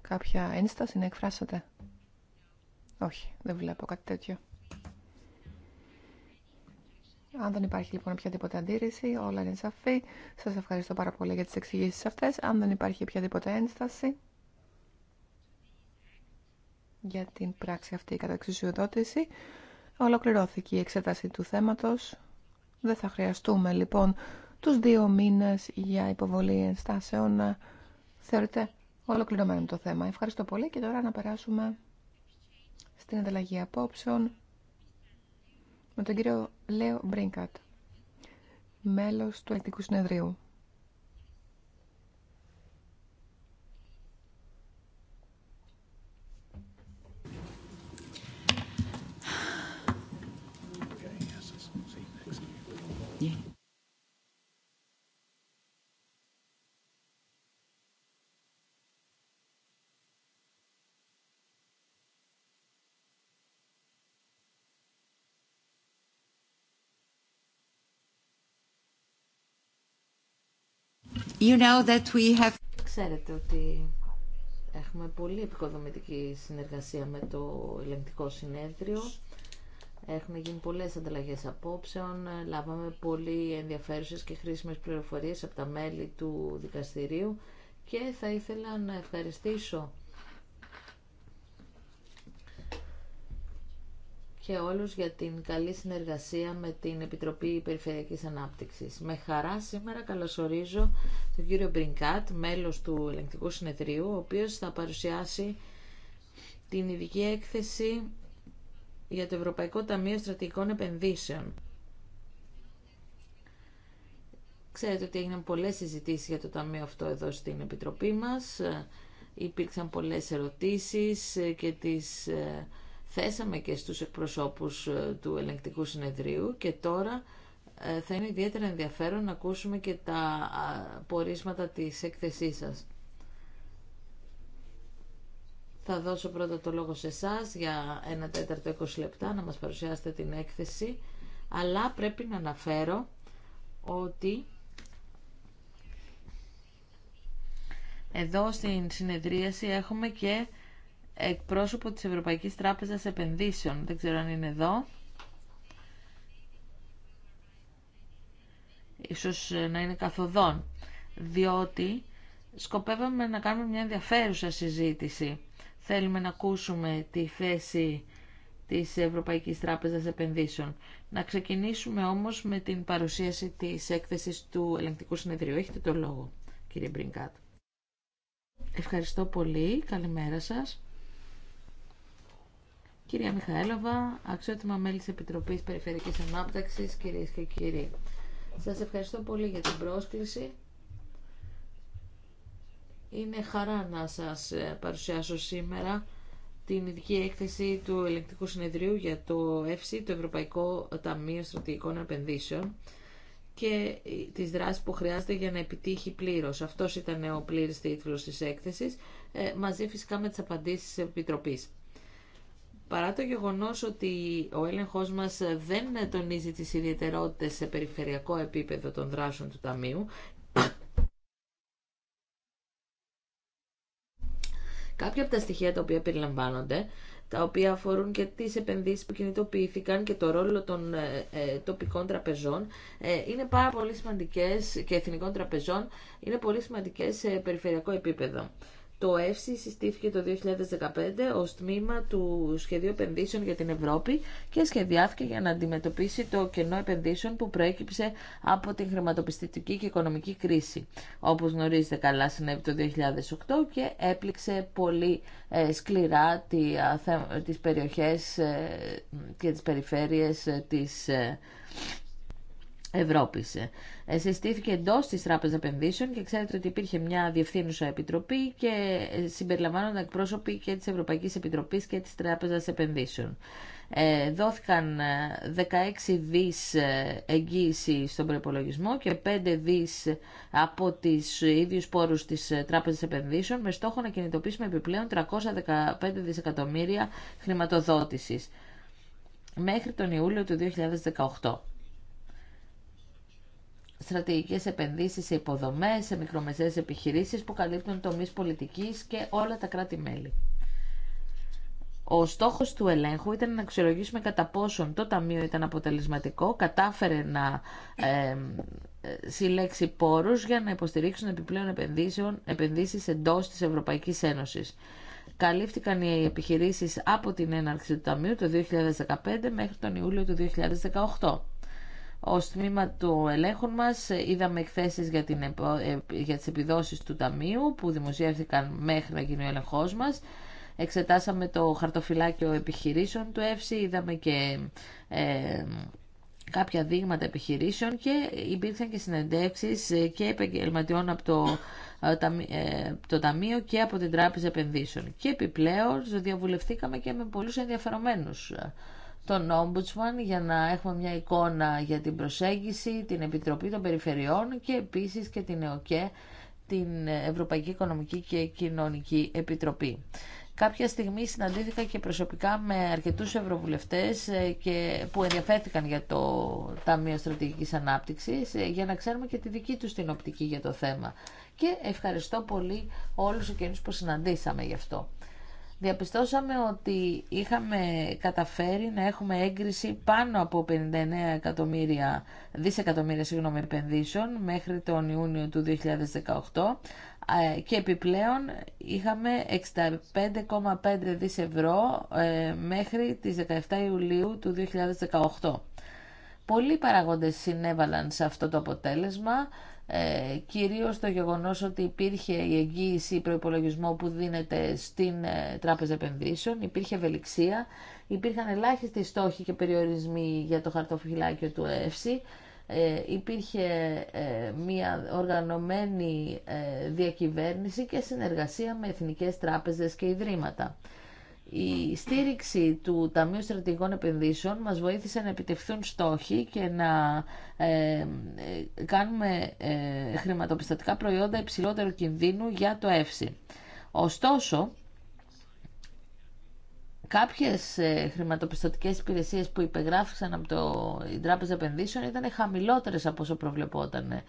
Κάποια ένσταση να εκφράσετε. Όχι, δεν βλέπω κάτι τέτοιο. Αν δεν υπάρχει λοιπόν οποιαδήποτε αντίρρηση, όλα είναι σαφή. Σας ευχαριστώ πάρα πολύ για τις εξηγήσεις αυτές. Αν δεν υπάρχει οποιαδήποτε ένσταση, για την πράξη αυτή κατά εξουσιοδότηση. Ολοκληρώθηκε η εξέταση του θέματος. Δεν θα χρειαστούμε λοιπόν τους δύο μήνες για υποβολή ενστάσεων. Θεωρείται ολοκληρωμένο το θέμα. Ευχαριστώ πολύ και τώρα να περάσουμε στην ανταλλαγή απόψεων με τον κύριο Λέο Μπρίνκατ, μέλος του Εκτικού Συνεδρίου. You know that we Ξέρετε ότι έχουμε πολύ επικοδομητική συνεργασία με το ελεγκτικό συνέδριο. Έχουν γίνει πολλές ανταλλαγές απόψεων, λάβαμε πολύ ενδιαφέρουσες και χρήσιμες πληροφορίες από τα μέλη του δικαστηρίου και θα ήθελα να ευχαριστήσω και όλους για την καλή συνεργασία με την Επιτροπή Περιφερειακής Ανάπτυξης. Με χαρά σήμερα καλωσορίζω τον κύριο Μπρινκάτ, μέλος του Ελεγκτικού Συνεδρίου, ο οποίος θα παρουσιάσει την ειδική έκθεση για το Ευρωπαϊκό Ταμείο Στρατηγικών Επενδύσεων. Ξέρετε ότι έγιναν πολλές συζητήσεις για το Ταμείο αυτό εδώ στην Επιτροπή μας. Υπήρξαν πολλές ερωτήσεις και τις ε, θέσαμε και στους εκπροσώπους ε, του ελεγκτικού συνεδρίου και τώρα ε, θα είναι ιδιαίτερα ενδιαφέρον να ακούσουμε και τα πορίσματα της έκθεσής σας. Θα δώσω πρώτα το λόγο σε εσά για ένα τέταρτο 20 λεπτά να μας παρουσιάσετε την έκθεση, αλλά πρέπει να αναφέρω ότι εδώ στην συνεδρίαση έχουμε και εκπρόσωπο της Ευρωπαϊκής Τράπεζας Επενδύσεων. Δεν ξέρω αν είναι εδώ. Ίσως ε, να είναι καθοδόν. Διότι σκοπεύαμε να κάνουμε μια ενδιαφέρουσα συζήτηση. Θέλουμε να ακούσουμε τη θέση της Ευρωπαϊκής Τράπεζας Επενδύσεων. Να ξεκινήσουμε όμως με την παρουσίαση της έκθεσης του Ελεγκτικού Συνεδρίου. Έχετε το λόγο, κύριε Μπρινκάτ. Ευχαριστώ πολύ. Καλημέρα σας. Κυρία Μιχαέλοβα, αξιότιμα μέλη της Επιτροπής Περιφερειακής ανάπτυξη, κυρίες και κύριοι. Σας ευχαριστώ πολύ για την πρόσκληση. Είναι χαρά να σας ε, παρουσιάσω σήμερα την ειδική έκθεση του Ελεκτικού Συνεδρίου για το ΕΦΣΥ, το Ευρωπαϊκό Ταμείο Στρατηγικών Επενδύσεων και ε, τις δράσεις που χρειάζεται για να επιτύχει πλήρως. Αυτός ήταν ο πλήρης τίτλος της έκθεσης, ε, μαζί φυσικά με τις απαντήσεις της Επιτροπής παρά το γεγονός ότι ο έλεγχος μας δεν τονίζει τις ιδιαιτερότητες σε περιφερειακό επίπεδο των δράσεων του Ταμείου, κάποια από τα στοιχεία τα οποία περιλαμβάνονται, τα οποία αφορούν και τις επενδύσεις που κινητοποιήθηκαν και το ρόλο των ε, ε, τοπικών τραπεζών, ε, είναι πάρα πολύ σημαντικές και εθνικών τραπεζών, είναι πολύ σημαντικές σε περιφερειακό επίπεδο. Το ΕΦΣΙ συστήθηκε το 2015 ως τμήμα του Σχεδίου Επενδύσεων για την Ευρώπη και σχεδιάθηκε για να αντιμετωπίσει το κενό επενδύσεων που προέκυψε από την χρηματοπιστωτική και οικονομική κρίση. Όπως γνωρίζετε καλά συνέβη το 2008 και έπληξε πολύ ε, σκληρά τις περιοχές ε, και τις περιφέρειες ε, της Ευρώπης. Ε, συστήθηκε εντό τη Τράπεζα Επενδύσεων και ξέρετε ότι υπήρχε μια διευθύνουσα επιτροπή και ε, συμπεριλαμβάνονταν εκπρόσωποι και τη Ευρωπαϊκή Επιτροπή και τη Τράπεζα Επενδύσεων. Ε, δόθηκαν 16 ε, δι εγγύηση στον προπολογισμό και 5 δι από τις ίδιου πόρου τη Τράπεζα Επενδύσεων με στόχο να κινητοποιήσουμε επιπλέον 315 δισεκατομμύρια χρηματοδότηση μέχρι τον Ιούλιο του 2018 στρατηγικές επενδύσεις σε υποδομές, σε μικρομεσαίες επιχειρήσεις που καλύπτουν τομείς πολιτικής και όλα τα κράτη-μέλη. Ο στόχος του ελέγχου ήταν να αξιολογήσουμε κατά πόσον το Ταμείο ήταν αποτελεσματικό, κατάφερε να ε, συλλέξει πόρους για να υποστηρίξουν επιπλέον επενδύσεων, επενδύσεις εντός της Ευρωπαϊκής Ένωσης. Καλύφθηκαν οι επιχειρήσεις από την έναρξη του Ταμείου το 2015 μέχρι τον Ιούλιο του 2018. Ω τμήμα του ελέγχου μα, είδαμε εκθέσεις για, την, ε, για τις επιδόσεις του Ταμείου που δημοσιεύθηκαν μέχρι να γίνει ο ελεγχός μας. Εξετάσαμε το χαρτοφυλάκιο επιχειρήσεων του ΕΦΣΥ, είδαμε και ε, κάποια δείγματα επιχειρήσεων και υπήρξαν και συνεντεύξεις ε, και επαγγελματιών από το, το Ταμείο και από την Τράπεζα Επενδύσεων. Και επιπλέον διαβουλευτήκαμε και με πολλούς ενδιαφερομένους τον Ombudsman για να έχουμε μια εικόνα για την προσέγγιση, την Επιτροπή των Περιφερειών και επίσης και την ΕΟΚΕ, την Ευρωπαϊκή Οικονομική και Κοινωνική Επιτροπή. Κάποια στιγμή συναντήθηκα και προσωπικά με αρκετούς ευρωβουλευτές ε, και που ενδιαφέρθηκαν για το Ταμείο Στρατηγικής Ανάπτυξης ε, για να ξέρουμε και τη δική τους την οπτική για το θέμα. Και ευχαριστώ πολύ όλους εκείνους που συναντήσαμε γι' αυτό διαπιστώσαμε ότι είχαμε καταφέρει να έχουμε έγκριση πάνω από 59 εκατομμύρια, δισεκατομμύρια συγγνώμη, επενδύσεων μέχρι τον Ιούνιο του 2018 ε, και επιπλέον είχαμε 65,5 δις ε, μέχρι τις 17 Ιουλίου του 2018. Πολλοί παραγόντες συνέβαλαν σε αυτό το αποτέλεσμα ε, κυρίως το γεγονός ότι υπήρχε η εγγύηση προπολογισμού που δίνεται στην ε, Τράπεζα Επενδύσεων, υπήρχε ευελιξία, υπήρχαν ελάχιστοι στόχοι και περιορισμοί για το χαρτοφυλάκιο του ΕΦΣΥ, ε, υπήρχε ε, μια οργανωμένη ε, διακυβέρνηση και συνεργασία με εθνικές τράπεζες και ιδρύματα. Η στήριξη του Ταμείου Στρατηγικών Επενδύσεων μας βοήθησε να επιτευχθούν στόχοι και να ε, ε κάνουμε ε, χρηματοπιστωτικά προϊόντα υψηλότερου κινδύνου για το ΕΦΣΥ. Ωστόσο, κάποιες ε, χρηματοπιστωτικές υπηρεσίες που υπεγράφησαν από το, η Τράπεζα Επενδύσεων ήταν χαμηλότερες από όσο προβλεπόταν.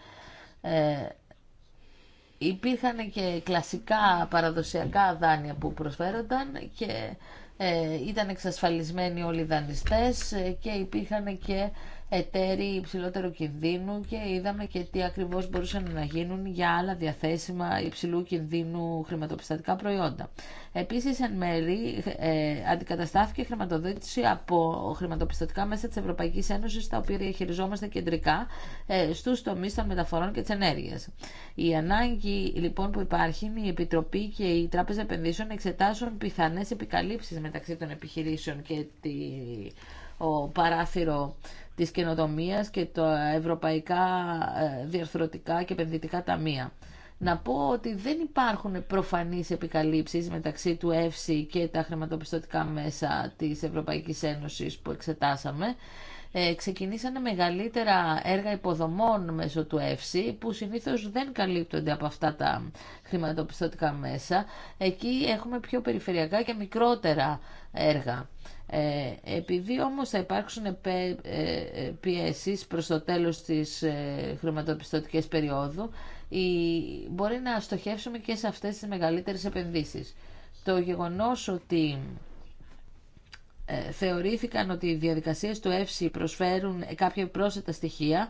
Υπήρχαν και κλασικά παραδοσιακά δάνεια που προσφέρονταν και ε, ήταν εξασφαλισμένοι όλοι οι δανειστές ε, και υπήρχαν και εταίροι υψηλότερου κινδύνου και είδαμε και τι ακριβώς μπορούσαν να γίνουν για άλλα διαθέσιμα υψηλού κινδύνου χρηματοπιστωτικά προϊόντα. Επίσης, εν μέρη, ε, αντικαταστάθηκε χρηματοδότηση από χρηματοπιστωτικά μέσα της Ευρωπαϊκής Ένωσης, τα οποία διαχειριζόμαστε κεντρικά ε, στους τομείς των μεταφορών και της ενέργειας. Η ανάγκη λοιπόν που υπάρχει είναι η Επιτροπή και η Τράπεζα Επενδύσεων να εξετάσουν πιθανές επικαλύψεις μεταξύ των επιχειρήσεων και τη, ο παράθυρο της καινοτομίας και τα ευρωπαϊκά ε, διαρθρωτικά και επενδυτικά ταμεία. Να πω ότι δεν υπάρχουν προφανείς επικαλύψεις μεταξύ του ΕΦΣΥ και τα χρηματοπιστωτικά μέσα της Ευρωπαϊκής Ένωσης που εξετάσαμε. Ε, ξεκινήσανε μεγαλύτερα έργα υποδομών μέσω του ΕΦΣΥ που συνήθως δεν καλύπτονται από αυτά τα χρηματοπιστωτικά μέσα. Εκεί έχουμε πιο περιφερειακά και μικρότερα έργα. Ε, επειδή όμως θα υπάρξουν ε, πιέσεις προς το τέλος της χρηματοπιστωτικής περίοδου, μπορεί να στοχεύσουμε και σε αυτές τις μεγαλύτερες επενδύσεις. Το γεγονός ότι ε, θεωρήθηκαν ότι οι διαδικασίες του ΕΦΣΙ προσφέρουν κάποια πρόσθετα στοιχεία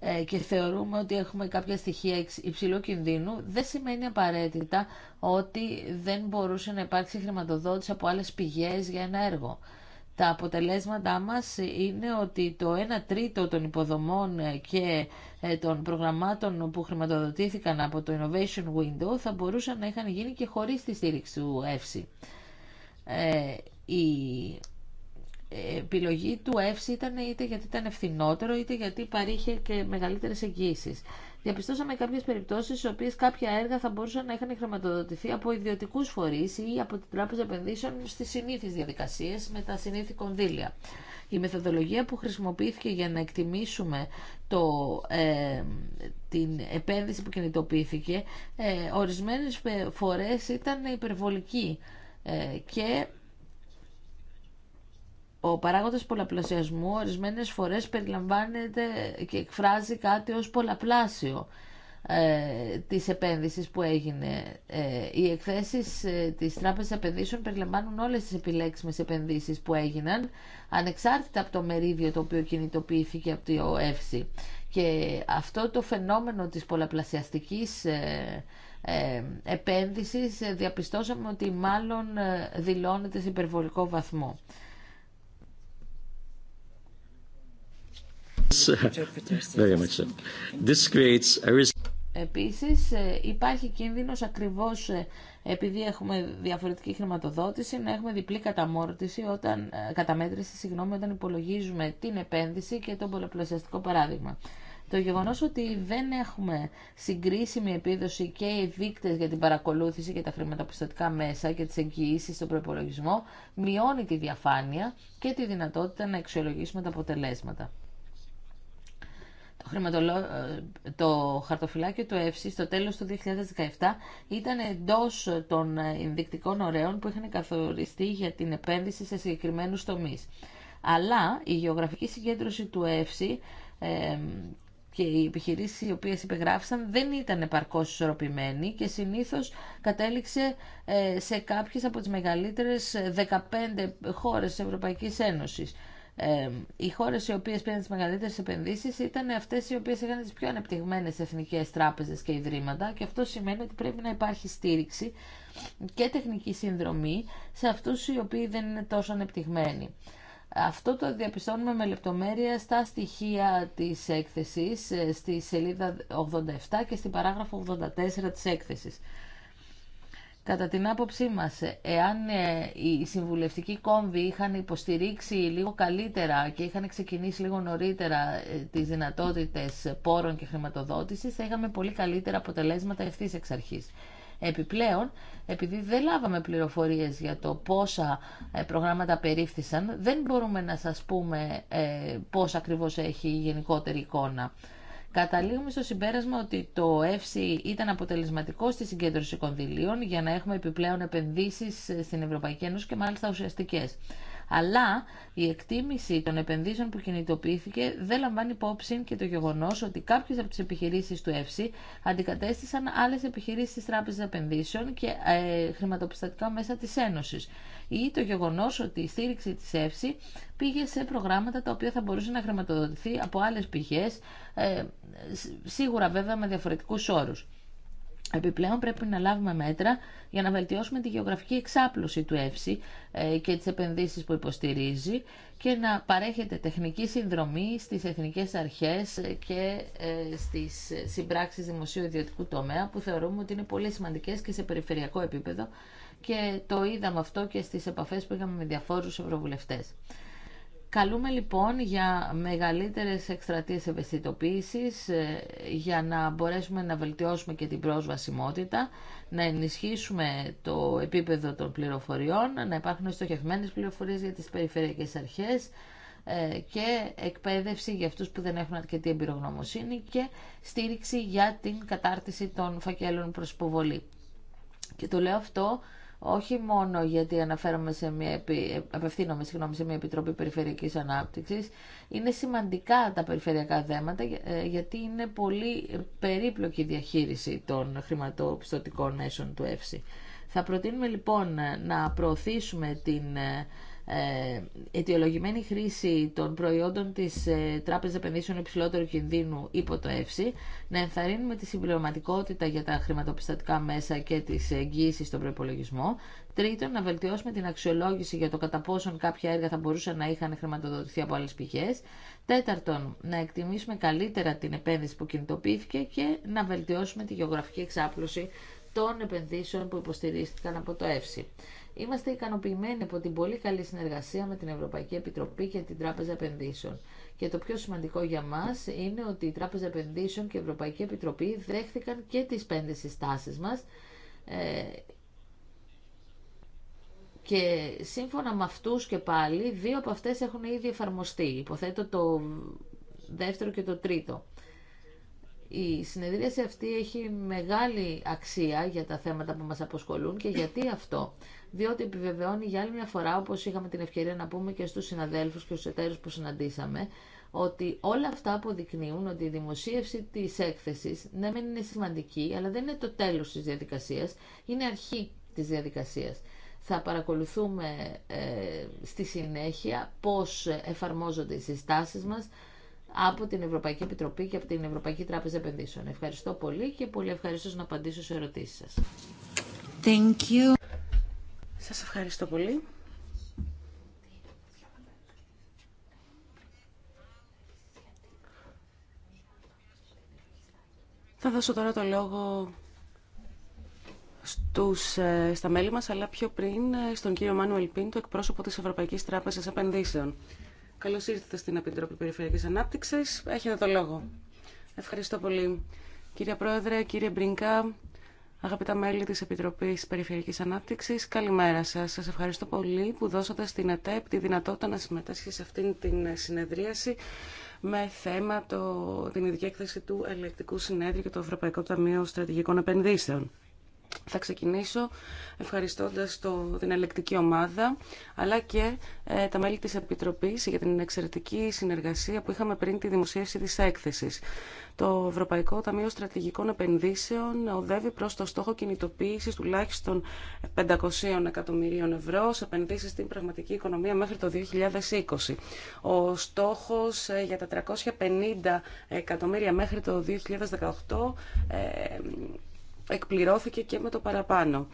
ε, και θεωρούμε ότι έχουμε κάποια στοιχεία υψηλού κινδύνου, δεν σημαίνει απαραίτητα ότι δεν μπορούσε να υπάρξει χρηματοδότηση από άλλες πηγές για ένα έργο. Τα αποτελέσματά μας είναι ότι το 1 τρίτο των υποδομών ε, και των προγραμμάτων που χρηματοδοτήθηκαν από το Innovation Window θα μπορούσαν να είχαν γίνει και χωρίς τη στήριξη του ΕΦΣΥ η επιλογή του ΕΦΣΙ ήταν είτε γιατί ήταν ευθυνότερο είτε γιατί παρήχε και μεγαλύτερες εγγύησεις. Διαπιστώσαμε κάποιες περιπτώσεις στις οποίες κάποια έργα θα μπορούσαν να είχαν χρηματοδοτηθεί από ιδιωτικούς φορείς ή από την Τράπεζα Επενδύσεων στις συνήθεις διαδικασίες με τα συνήθη κονδύλια. Η μεθοδολογία που χρησιμοποιήθηκε για να εκτιμήσουμε το, ε, την επένδυση που κινητοποιήθηκε ε, ορισμένες φορές ήταν υπερβολική ε, και ο παράγοντας πολλαπλασιασμού ορισμένες φορές περιλαμβάνεται και εκφράζει κάτι ως πολλαπλάσιο ε, της επένδυσης που έγινε. Ε, οι εκθέσεις ε, της Τράπεζας Επενδύσεων περιλαμβάνουν όλες τις επιλέξιμες επενδύσεις που έγιναν, ανεξάρτητα από το μερίδιο το οποίο κινητοποιήθηκε από το ΕΦΣΥ. Και αυτό το φαινόμενο της πολλαπλασιαστικής ε, ε επένδυσης ε, διαπιστώσαμε ότι μάλλον δηλώνεται σε υπερβολικό βαθμό. Επίσης ε, υπάρχει κίνδυνος ακριβώς ε, επειδή έχουμε διαφορετική χρηματοδότηση να έχουμε διπλή καταμόρτιση όταν, ε, καταμέτρηση συγγνώμη, όταν υπολογίζουμε την επένδυση και τον πολλαπλασιαστικό παράδειγμα. Το γεγονό ότι δεν έχουμε συγκρίσιμη επίδοση και οι δείκτε για την παρακολούθηση και τα χρηματοπιστωτικά μέσα και τις εγγυήσεις στον προπολογισμό μειώνει τη διαφάνεια και τη δυνατότητα να αξιολογήσουμε τα αποτελέσματα. Ε, το χαρτοφυλάκιο του ΕΦΣΙ στο τέλος του 2017 ήταν εντός των ενδεικτικών ωραίων που είχαν καθοριστεί για την επένδυση σε συγκεκριμένους τομείς. Αλλά η γεωγραφική συγκέντρωση του ΕΦΣΙ και οι επιχειρήσει οι οποίε υπεγράφησαν δεν ήταν επαρκώς ισορροπημένοι και συνήθως κατέληξε ε, σε κάποιες από τις μεγαλύτερε 15 χώρες τη Ευρωπαϊκή Ένωση. Ε, οι χώρες οι οποίες πήραν τις μεγαλύτερες επενδύσεις ήταν αυτές οι οποίες είχαν τις πιο ανεπτυγμένες εθνικές τράπεζες και ιδρύματα και αυτό σημαίνει ότι πρέπει να υπάρχει στήριξη και τεχνική συνδρομή σε αυτούς οι οποίοι δεν είναι τόσο ανεπτυγμένοι. Αυτό το διαπιστώνουμε με λεπτομέρεια στα στοιχεία της έκθεσης, ε, στη σελίδα 87 και στην παράγραφο 84 της έκθεσης. Κατά την άποψή μας, εάν ε, οι συμβουλευτικοί κόμβοι είχαν υποστηρίξει λίγο καλύτερα και είχαν ξεκινήσει λίγο νωρίτερα ε, τις δυνατότητες πόρων και χρηματοδότησης, θα είχαμε πολύ καλύτερα αποτελέσματα ευθύς εξ αρχής. Επιπλέον, επειδή δεν λάβαμε πληροφορίες για το πόσα ε, προγράμματα περίφθησαν, δεν μπορούμε να σας πούμε πώς ακριβώς έχει η γενικότερη εικόνα. Καταλήγουμε στο συμπέρασμα ότι το ΕΦΣΙ ήταν αποτελεσματικό στη συγκέντρωση κονδυλίων για να έχουμε επιπλέον επενδύσεις στην Ευρωπαϊκή Ένωση και μάλιστα ουσιαστικές. Αλλά η εκτίμηση των επενδύσεων που κινητοποιήθηκε δεν λαμβάνει υπόψη και το γεγονό ότι κάποιε από τι επιχειρήσει του ΕΦΣΥ αντικατέστησαν άλλε επιχειρήσει τη Τράπεζα Επενδύσεων και ε, χρηματοπιστωτικά μέσα τη Ένωση ή το γεγονός ότι η στήριξη της ΕΦΣΥ πήγε σε προγράμματα τα οποία θα μπορούσε να χρηματοδοτηθεί από άλλες πηγές, ε, σίγουρα βέβαια με διαφορετικούς όρους. Επιπλέον πρέπει να λάβουμε μέτρα για να βελτιώσουμε τη γεωγραφική εξάπλωση του ΕΦΣΥ ε, και τις επενδύσεις που υποστηρίζει και να παρέχεται τεχνική συνδρομή στις εθνικές αρχές ε, και στις συμπράξεις δημοσίου ιδιωτικού τομέα που θεωρούμε ότι είναι πολύ σημαντικές και σε περιφερειακό επίπεδο και το είδαμε αυτό και στις επαφές που είχαμε με διαφόρους ευρωβουλευτές. Καλούμε λοιπόν για μεγαλύτερες εκστρατείες ευαισθητοποίησης ε, για να μπορέσουμε να βελτιώσουμε και την προσβασιμότητα, να ενισχύσουμε το επίπεδο των πληροφοριών, να υπάρχουν στοχευμένες πληροφορίες για τις περιφερειακές αρχές ε, και εκπαίδευση για αυτούς που δεν έχουν αρκετή εμπειρογνωμοσύνη και στήριξη για την κατάρτιση των φακέλων προς υποβολή. Και το λέω αυτό όχι μόνο γιατί αναφέρομαι σε μια, απευθύνομαι συγγνώμη, σε μια Επιτροπή Περιφερειακής Ανάπτυξης, είναι σημαντικά τα περιφερειακά θέματα ε, γιατί είναι πολύ περίπλοκη διαχείριση των χρηματοπιστωτικών μέσων του ΕΦΣΥ. Θα προτείνουμε λοιπόν να προωθήσουμε την ε, ε, αιτιολογημένη χρήση των προϊόντων της ε, Τράπεζας Επενδύσεων Υψηλότερου Κινδύνου υπό το ΕΦΣΥ, να ενθαρρύνουμε τη συμπληρωματικότητα για τα χρηματοπιστωτικά μέσα και τις εγγύησεις στον προπολογισμό. Τρίτον, να βελτιώσουμε την αξιολόγηση για το κατά πόσον κάποια έργα θα μπορούσαν να είχαν χρηματοδοτηθεί από άλλες πηγές. Τέταρτον, να εκτιμήσουμε καλύτερα την επένδυση που κινητοποιήθηκε και να βελτιώσουμε τη γεωγραφική εξάπλωση των επενδύσεων που υποστηρίστηκαν από το ΕΦΣΥ. Είμαστε ικανοποιημένοι από την πολύ καλή συνεργασία με την Ευρωπαϊκή Επιτροπή και την Τράπεζα Επενδύσεων. Και το πιο σημαντικό για μας είναι ότι η Τράπεζα Επενδύσεων και η Ευρωπαϊκή Επιτροπή δέχθηκαν και τις πέντε συστάσεις μας ε, και σύμφωνα με αυτούς και πάλι, δύο από αυτές έχουν ήδη εφαρμοστεί. Υποθέτω το δεύτερο και το τρίτο. Η συνεδρίαση αυτή έχει μεγάλη αξία για τα θέματα που μας αποσχολούν και γιατί αυτό. Διότι επιβεβαιώνει για άλλη μια φορά, όπως είχαμε την ευκαιρία να πούμε και στους συναδέλφους και στους εταίρους που συναντήσαμε, ότι όλα αυτά αποδεικνύουν ότι η δημοσίευση της έκθεσης ναι μεν είναι σημαντική, αλλά δεν είναι το τέλος της διαδικασίας, είναι αρχή της διαδικασίας. Θα παρακολουθούμε ε, στη συνέχεια πώς εφαρμόζονται οι συστάσεις μας, από την Ευρωπαϊκή Επιτροπή και από την Ευρωπαϊκή Τράπεζα Επενδύσεων. Ευχαριστώ πολύ και πολύ ευχαριστώ να απαντήσω σε ερωτήσεις σας. Thank you. Σας ευχαριστώ πολύ. Θα δώσω τώρα το λόγο στους, ε, στα μέλη μας, αλλά πιο πριν ε, στον κύριο Ελπίν, το εκπρόσωπο της Ευρωπαϊκής Τράπεζας Επενδύσεων. Καλώς ήρθατε στην Επιτροπή Περιφερειακής Ανάπτυξης. Έχετε το λόγο. Ευχαριστώ πολύ. Κύριε Πρόεδρε, κύριε Μπρινκά, αγαπητά μέλη της Επιτροπής Περιφερειακής Ανάπτυξης, καλημέρα σας. Σας ευχαριστώ πολύ που δώσατε στην ΕΤΕΠ τη δυνατότητα να συμμετάσχει σε αυτήν την συνεδρίαση με θέμα το, την ειδική έκθεση του Ελεκτικού Συνέδριου και το Ευρωπαϊκό Ταμείο Στρατηγικών Επενδύσεων. Θα ξεκινήσω ευχαριστώντας το, την ελεκτική ομάδα, αλλά και ε, τα μέλη της Επιτροπής για την εξαιρετική συνεργασία που είχαμε πριν τη δημοσίευση της έκθεσης. Το Ευρωπαϊκό Ταμείο Στρατηγικών Επενδύσεων οδεύει προς το στόχο κινητοποίησης τουλάχιστον 500 εκατομμυρίων ευρώ σε επενδύσεις στην πραγματική οικονομία μέχρι το 2020. Ο στόχος ε, για τα 350 εκατομμύρια μέχρι το 2018 εκπληρώθηκε και με το παραπάνω.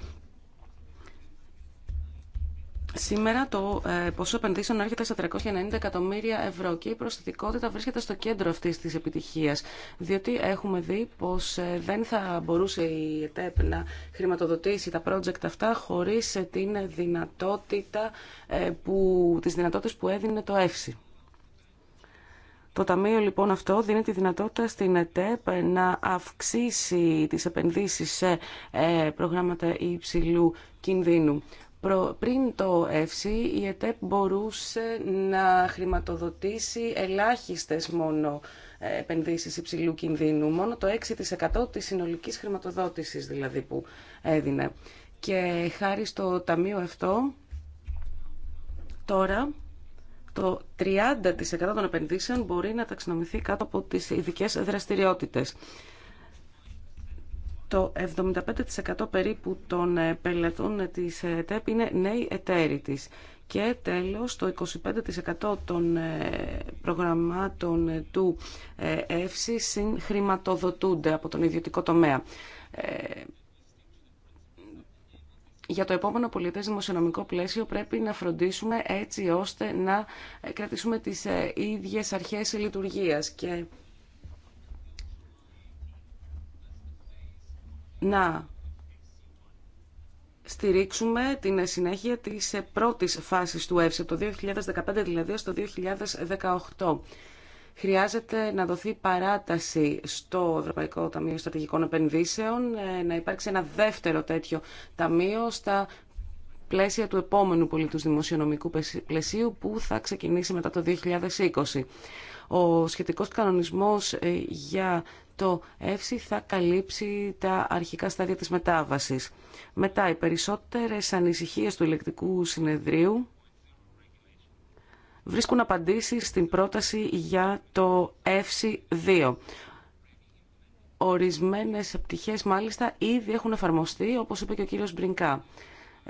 Σήμερα το ε, ποσό επενδύσεων έρχεται στα 390 εκατομμύρια ευρώ και η προσθετικότητα βρίσκεται στο κέντρο αυτή τη επιτυχία. Διότι έχουμε δει πω ε, δεν θα μπορούσε η ΕΤΕΠ να χρηματοδοτήσει τα project αυτά χωρί την δυνατότητα ε, που, τις δυνατότητες που έδινε το ΕΦΣΥ. Το Ταμείο λοιπόν αυτό δίνει τη δυνατότητα στην ΕΤΕΠ να αυξήσει τις επενδύσεις σε ε, προγράμματα υψηλού κινδύνου. Πριν το ΕΦΣΥ η ΕΤΕΠ μπορούσε να χρηματοδοτήσει ελάχιστες μόνο ε, επενδύσεις υψηλού κινδύνου, μόνο το 6% της συνολικής χρηματοδότησης δηλαδή που έδινε. Και χάρη στο Ταμείο αυτό τώρα το 30% των επενδύσεων μπορεί να ταξινομηθεί κάτω από τις ειδικέ δραστηριότητες. Το 75% περίπου των πελατών της ΕΤΕΠ είναι νέοι εταίροι της. Και τέλος, το 25% των ε, προγραμμάτων του ε, ΕΦΣΙ συγχρηματοδοτούνται από τον ιδιωτικό τομέα. Ε, για το επόμενο πολιτέ δημοσιονομικό πλαίσιο πρέπει να φροντίσουμε έτσι ώστε να κρατήσουμε τις ε, ίδιες αρχές λειτουργίας και να στηρίξουμε την συνέχεια της ε, πρώτης φάσης του ΕΦΣΕ, το 2015 δηλαδή στο 2018. Χρειάζεται να δοθεί παράταση στο Ευρωπαϊκό Ταμείο Στρατηγικών Επενδύσεων, ε, να υπάρξει ένα δεύτερο τέτοιο ταμείο στα πλαίσια του επόμενου πολιτου δημοσιονομικού πλαισίου που θα ξεκινήσει μετά το 2020. Ο σχετικός κανονισμός ε, για το ΕΦΣΥ θα καλύψει τα αρχικά στάδια της μετάβασης. Μετά, οι περισσότερες ανησυχίες του ηλεκτρικού συνεδρίου βρίσκουν απαντήσεις στην πρόταση για το ΕΦΣΙ 2. Ορισμένες πτυχές μάλιστα ήδη έχουν εφαρμοστεί, όπως είπε και ο κύριος Μπρινκά.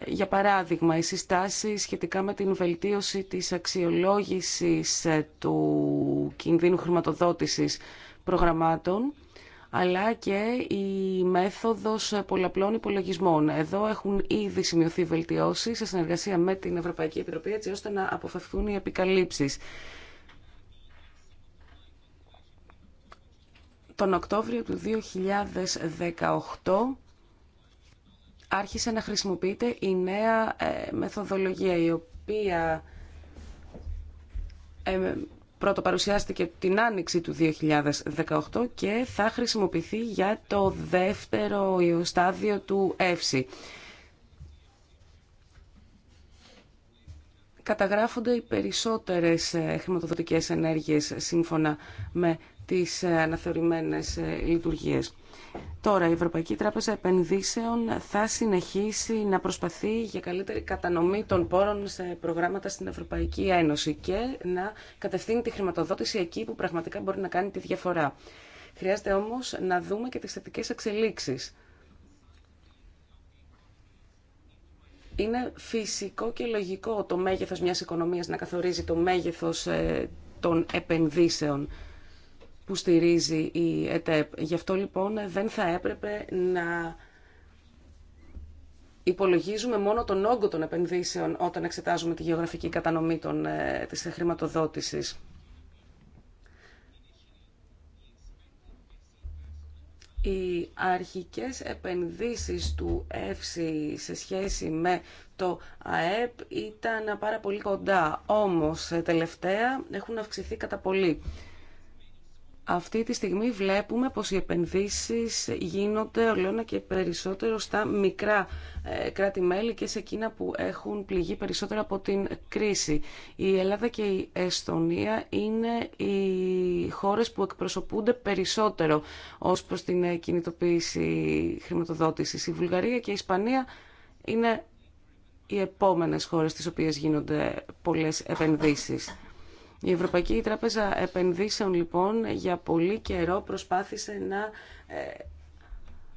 Για παράδειγμα, οι συστάσεις σχετικά με την βελτίωση της αξιολόγησης του κινδύνου χρηματοδότησης προγραμμάτων αλλά και η μέθοδος πολλαπλών υπολογισμών. Εδώ έχουν ήδη σημειωθεί βελτιώσεις σε συνεργασία με την Ευρωπαϊκή Επιτροπή έτσι ώστε να αποφευθούν οι επικαλύψεις. Τον Οκτώβριο του 2018 άρχισε να χρησιμοποιείται η νέα ε, μεθοδολογία η οποία ε, πρώτο παρουσιάστηκε την άνοιξη του 2018 και θα χρησιμοποιηθεί για το δεύτερο στάδιο του ΕΦΣΥ. καταγράφονται οι περισσότερες ε, χρηματοδοτικές ενέργειες σύμφωνα με τις αναθεωρημένες ε, λειτουργίες. Τώρα, η Ευρωπαϊκή Τράπεζα Επενδύσεων θα συνεχίσει να προσπαθεί για καλύτερη κατανομή των πόρων σε προγράμματα στην Ευρωπαϊκή Ένωση και να κατευθύνει τη χρηματοδότηση εκεί που πραγματικά μπορεί να κάνει τη διαφορά. Χρειάζεται όμως να δούμε και τις θετικές εξελίξεις. Είναι φυσικό και λογικό το μέγεθος μιας οικονομίας να καθορίζει το μέγεθος ε, των επενδύσεων που στηρίζει η ΕΤΕΠ. Γι' αυτό λοιπόν δεν θα έπρεπε να υπολογίζουμε μόνο τον όγκο των επενδύσεων όταν εξετάζουμε τη γεωγραφική κατανομή των, ε, της χρηματοδότησης. οι αρχικές επενδύσεις του ΕΦΣΙ σε σχέση με το ΑΕΠ ήταν πάρα πολύ κοντά. Όμως τελευταία έχουν αυξηθεί κατά πολύ αυτή τη στιγμή βλέπουμε πως οι επενδύσεις γίνονται ολόνα και περισσότερο στα μικρά ε, κράτη-μέλη και σε εκείνα που έχουν πληγεί περισσότερο από την κρίση. Η Ελλάδα και η Εστονία είναι οι χώρες που εκπροσωπούνται περισσότερο ως προς την ε, κινητοποίηση χρηματοδότησης. Η Βουλγαρία και η Ισπανία είναι οι επόμενες χώρες στις οποίες γίνονται πολλές επενδύσεις. Η Ευρωπαϊκή Τράπεζα Επενδύσεων λοιπόν για πολύ καιρό προσπάθησε να ε,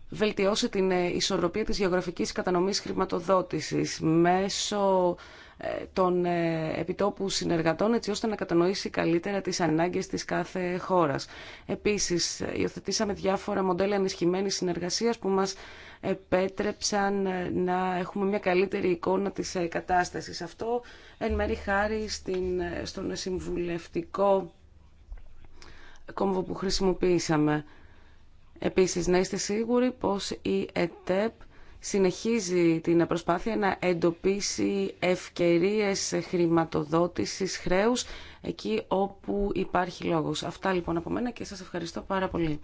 βελτιώσει την ε, ισορροπία της γεωγραφικής κατανομής χρηματοδότησης μέσω ε, των ε, επιτόπου συνεργατών έτσι ώστε να κατανοήσει καλύτερα τις ανάγκες της κάθε χώρας. Επίσης, υιοθετήσαμε διάφορα μοντέλα ενισχυμένης συνεργασίας που μας επέτρεψαν ε, να έχουμε μια καλύτερη εικόνα της κατάστασης. Αυτό εν μέρη χάρη στην, στον συμβουλευτικό κόμβο που χρησιμοποίησαμε. Επίσης, να είστε σίγουροι πως η ΕΤΕΠ συνεχίζει την προσπάθεια να εντοπίσει ευκαιρίες χρηματοδότησης χρέους εκεί όπου υπάρχει λόγος. Αυτά λοιπόν από μένα και σας ευχαριστώ πάρα πολύ.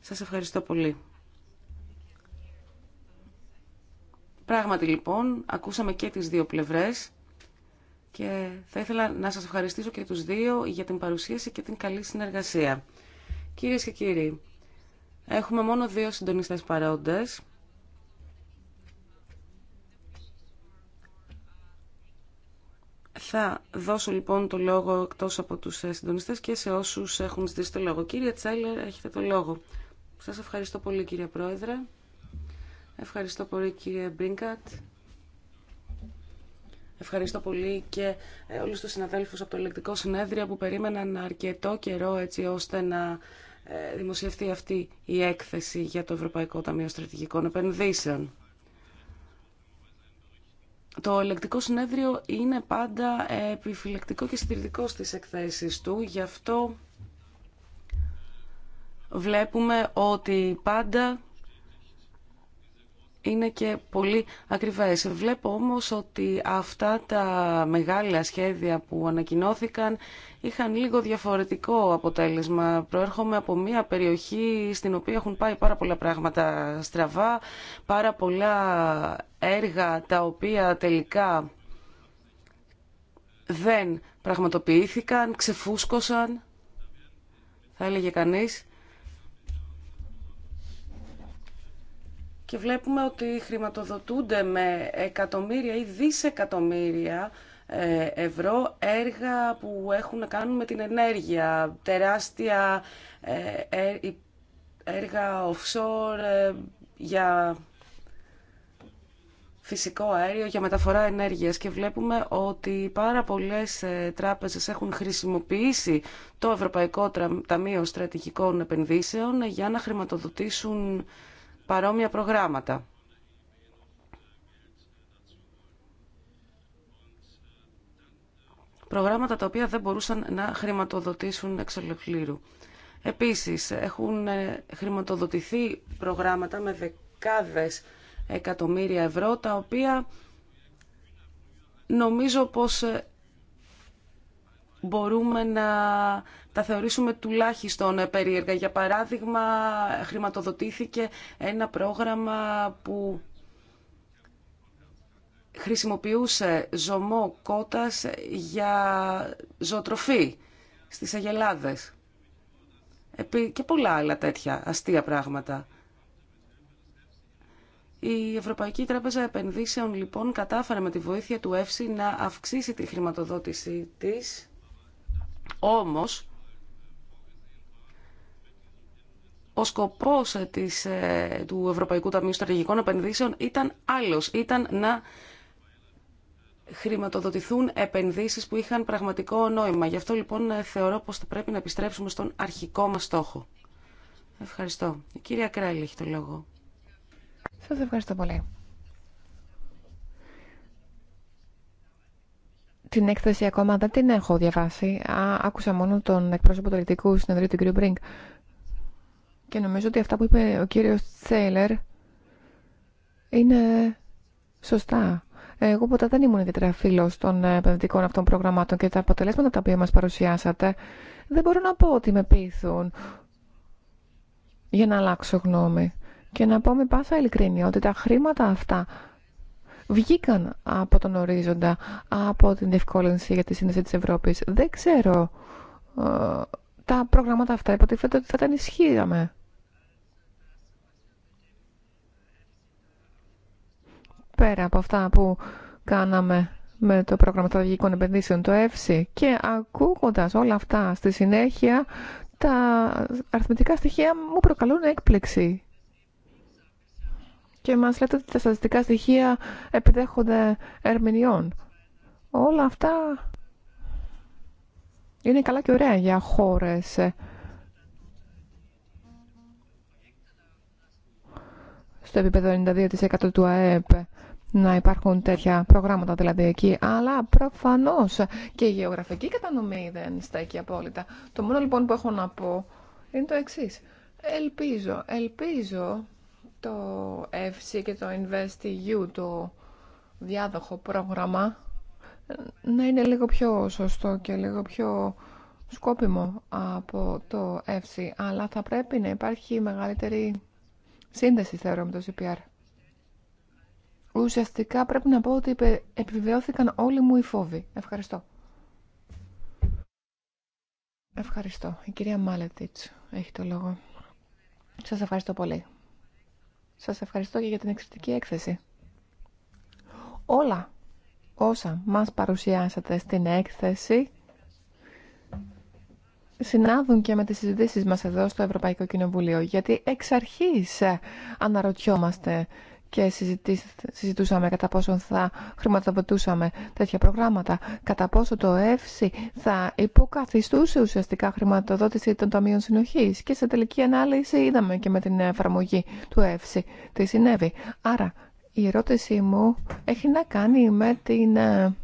Σας ευχαριστώ πολύ. Πράγματι λοιπόν, ακούσαμε και τις δύο πλευρές και θα ήθελα να σας ευχαριστήσω και τους δύο για την παρουσίαση και την καλή συνεργασία. Κυρίες και κύριοι, έχουμε μόνο δύο συντονιστές παρόντες. Θα δώσω λοιπόν το λόγο εκτό από του ε, συντονιστέ και σε όσου έχουν ζητήσει το λόγο. Κύριε Τσέλερ, έχετε το λόγο. Σα ευχαριστώ πολύ, κύριε Πρόεδρε. Ευχαριστώ πολύ, κύριε Μπρίνκατ. Ευχαριστώ πολύ και ε, όλους τους συναδέλφους από το Ελεκτικό Συνέδριο που περίμεναν αρκετό καιρό έτσι ώστε να ε, δημοσιευτεί αυτή η έκθεση για το Ευρωπαϊκό Ταμείο Στρατηγικών Επενδύσεων το ελεκτικό συνέδριο είναι πάντα επιφυλακτικό και συντηρητικό στις εκθέσεις του, γι' αυτό βλέπουμε ότι πάντα είναι και πολύ ακριβές. Βλέπω όμως ότι αυτά τα μεγάλα σχέδια που ανακοινώθηκαν είχαν λίγο διαφορετικό αποτέλεσμα. Προέρχομαι από μια περιοχή στην οποία έχουν πάει πάρα πολλά πράγματα στραβά, πάρα πολλά έργα τα οποία τελικά δεν πραγματοποιήθηκαν, ξεφούσκωσαν, θα έλεγε κανείς. και βλέπουμε ότι χρηματοδοτούνται με εκατομμύρια ή δισεκατομμύρια ε, ευρώ έργα που έχουν να κάνουν με την ενέργεια, τεράστια ε, ε, έργα offshore για φυσικό αέριο, για μεταφορά ενέργειας και βλέπουμε ότι πάρα πολλές τράπεζες έχουν χρησιμοποιήσει το Ευρωπαϊκό Ταμείο Στρατηγικών Επενδύσεων για να χρηματοδοτήσουν παρόμοια προγράμματα. Προγράμματα τα οποία δεν μπορούσαν να χρηματοδοτήσουν εξ ολοκλήρου. Επίσης, έχουν ε, χρηματοδοτηθεί προγράμματα με δεκάδες εκατομμύρια ευρώ, τα οποία νομίζω πως ε, μπορούμε να τα θεωρήσουμε τουλάχιστον περίεργα. Για παράδειγμα, χρηματοδοτήθηκε ένα πρόγραμμα που χρησιμοποιούσε ζωμό κότας για ζωοτροφή στις αγελάδες. Και πολλά άλλα τέτοια αστεία πράγματα. Η Ευρωπαϊκή Τράπεζα Επενδύσεων λοιπόν κατάφερε με τη βοήθεια του ΕΦΣΙ να αυξήσει τη χρηματοδότησή της όμως, ο σκοπός ε, της, ε, του Ευρωπαϊκού Ταμείου Στρατηγικών Επενδύσεων ήταν άλλος. Ήταν να χρηματοδοτηθούν επενδύσεις που είχαν πραγματικό νόημα. Γι' αυτό λοιπόν ε, θεωρώ πως θα πρέπει να επιστρέψουμε στον αρχικό μας στόχο. Ευχαριστώ. Η κυρία Κράλη έχει το λόγο. Σας ευχαριστώ πολύ. Την έκθεση ακόμα δεν την έχω διαβάσει. άκουσα μόνο τον εκπρόσωπο του Ελληνικού Συνεδρίου, τον κύριο Μπρινκ. Και νομίζω ότι αυτά που είπε ο κύριος Τσέιλερ είναι σωστά. Εγώ ποτέ δεν ήμουν ιδιαίτερα φίλο των επενδυτικών αυτών προγραμμάτων και τα αποτελέσματα τα οποία μα παρουσιάσατε δεν μπορώ να πω ότι με πείθουν για να αλλάξω γνώμη. Και να πω με πάσα ειλικρίνεια ότι τα χρήματα αυτά βγήκαν από τον ορίζοντα, από την διευκόλυνση για τη σύνδεση της Ευρώπης. Δεν ξέρω ε, τα προγράμματα αυτά, υποτίθεται ότι θα τα ενισχύαμε. Πέρα από αυτά που κάναμε με το πρόγραμμα στρατηγικών επενδύσεων, το ΕΦΣΙ, και ακούγοντας όλα αυτά στη συνέχεια, τα αριθμητικά στοιχεία μου προκαλούν έκπληξη και μας λέτε ότι τα στατιστικά στοιχεία επιδέχονται ερμηνεών. Όλα αυτά είναι καλά και ωραία για χώρες στο επίπεδο 92% του ΑΕΠ να υπάρχουν τέτοια προγράμματα δηλαδή εκεί. Αλλά προφανώς και η γεωγραφική κατανομή δεν στέκει απόλυτα. Το μόνο λοιπόν που έχω να πω είναι το εξής. Ελπίζω, ελπίζω το FC και το InvestEU, το διάδοχο πρόγραμμα, να είναι λίγο πιο σωστό και λίγο πιο σκόπιμο από το FC. αλλά θα πρέπει να υπάρχει μεγαλύτερη σύνδεση, θεωρώ, με το CPR. Ουσιαστικά πρέπει να πω ότι επιβεβαιώθηκαν όλοι μου οι φόβοι. Ευχαριστώ. Ευχαριστώ. Η κυρία Μάλετιτς έχει το λόγο. Σας ευχαριστώ πολύ. Σας ευχαριστώ και για την εξαιρετική έκθεση. Όλα όσα μας παρουσιάσατε στην έκθεση συνάδουν και με τις συζητήσεις μας εδώ στο Ευρωπαϊκό Κοινοβουλίο, γιατί εξ αρχής αναρωτιόμαστε και συζητούσαμε κατά πόσον θα χρηματοδοτούσαμε τέτοια προγράμματα, κατά πόσο το ΕΦΣΙ θα υποκαθιστούσε ουσιαστικά χρηματοδότηση των Ταμείων Συνοχής και σε τελική ανάλυση είδαμε και με την εφαρμογή του ΕΦΣΙ τι συνέβη. Άρα η ερώτησή μου έχει να κάνει με την ε,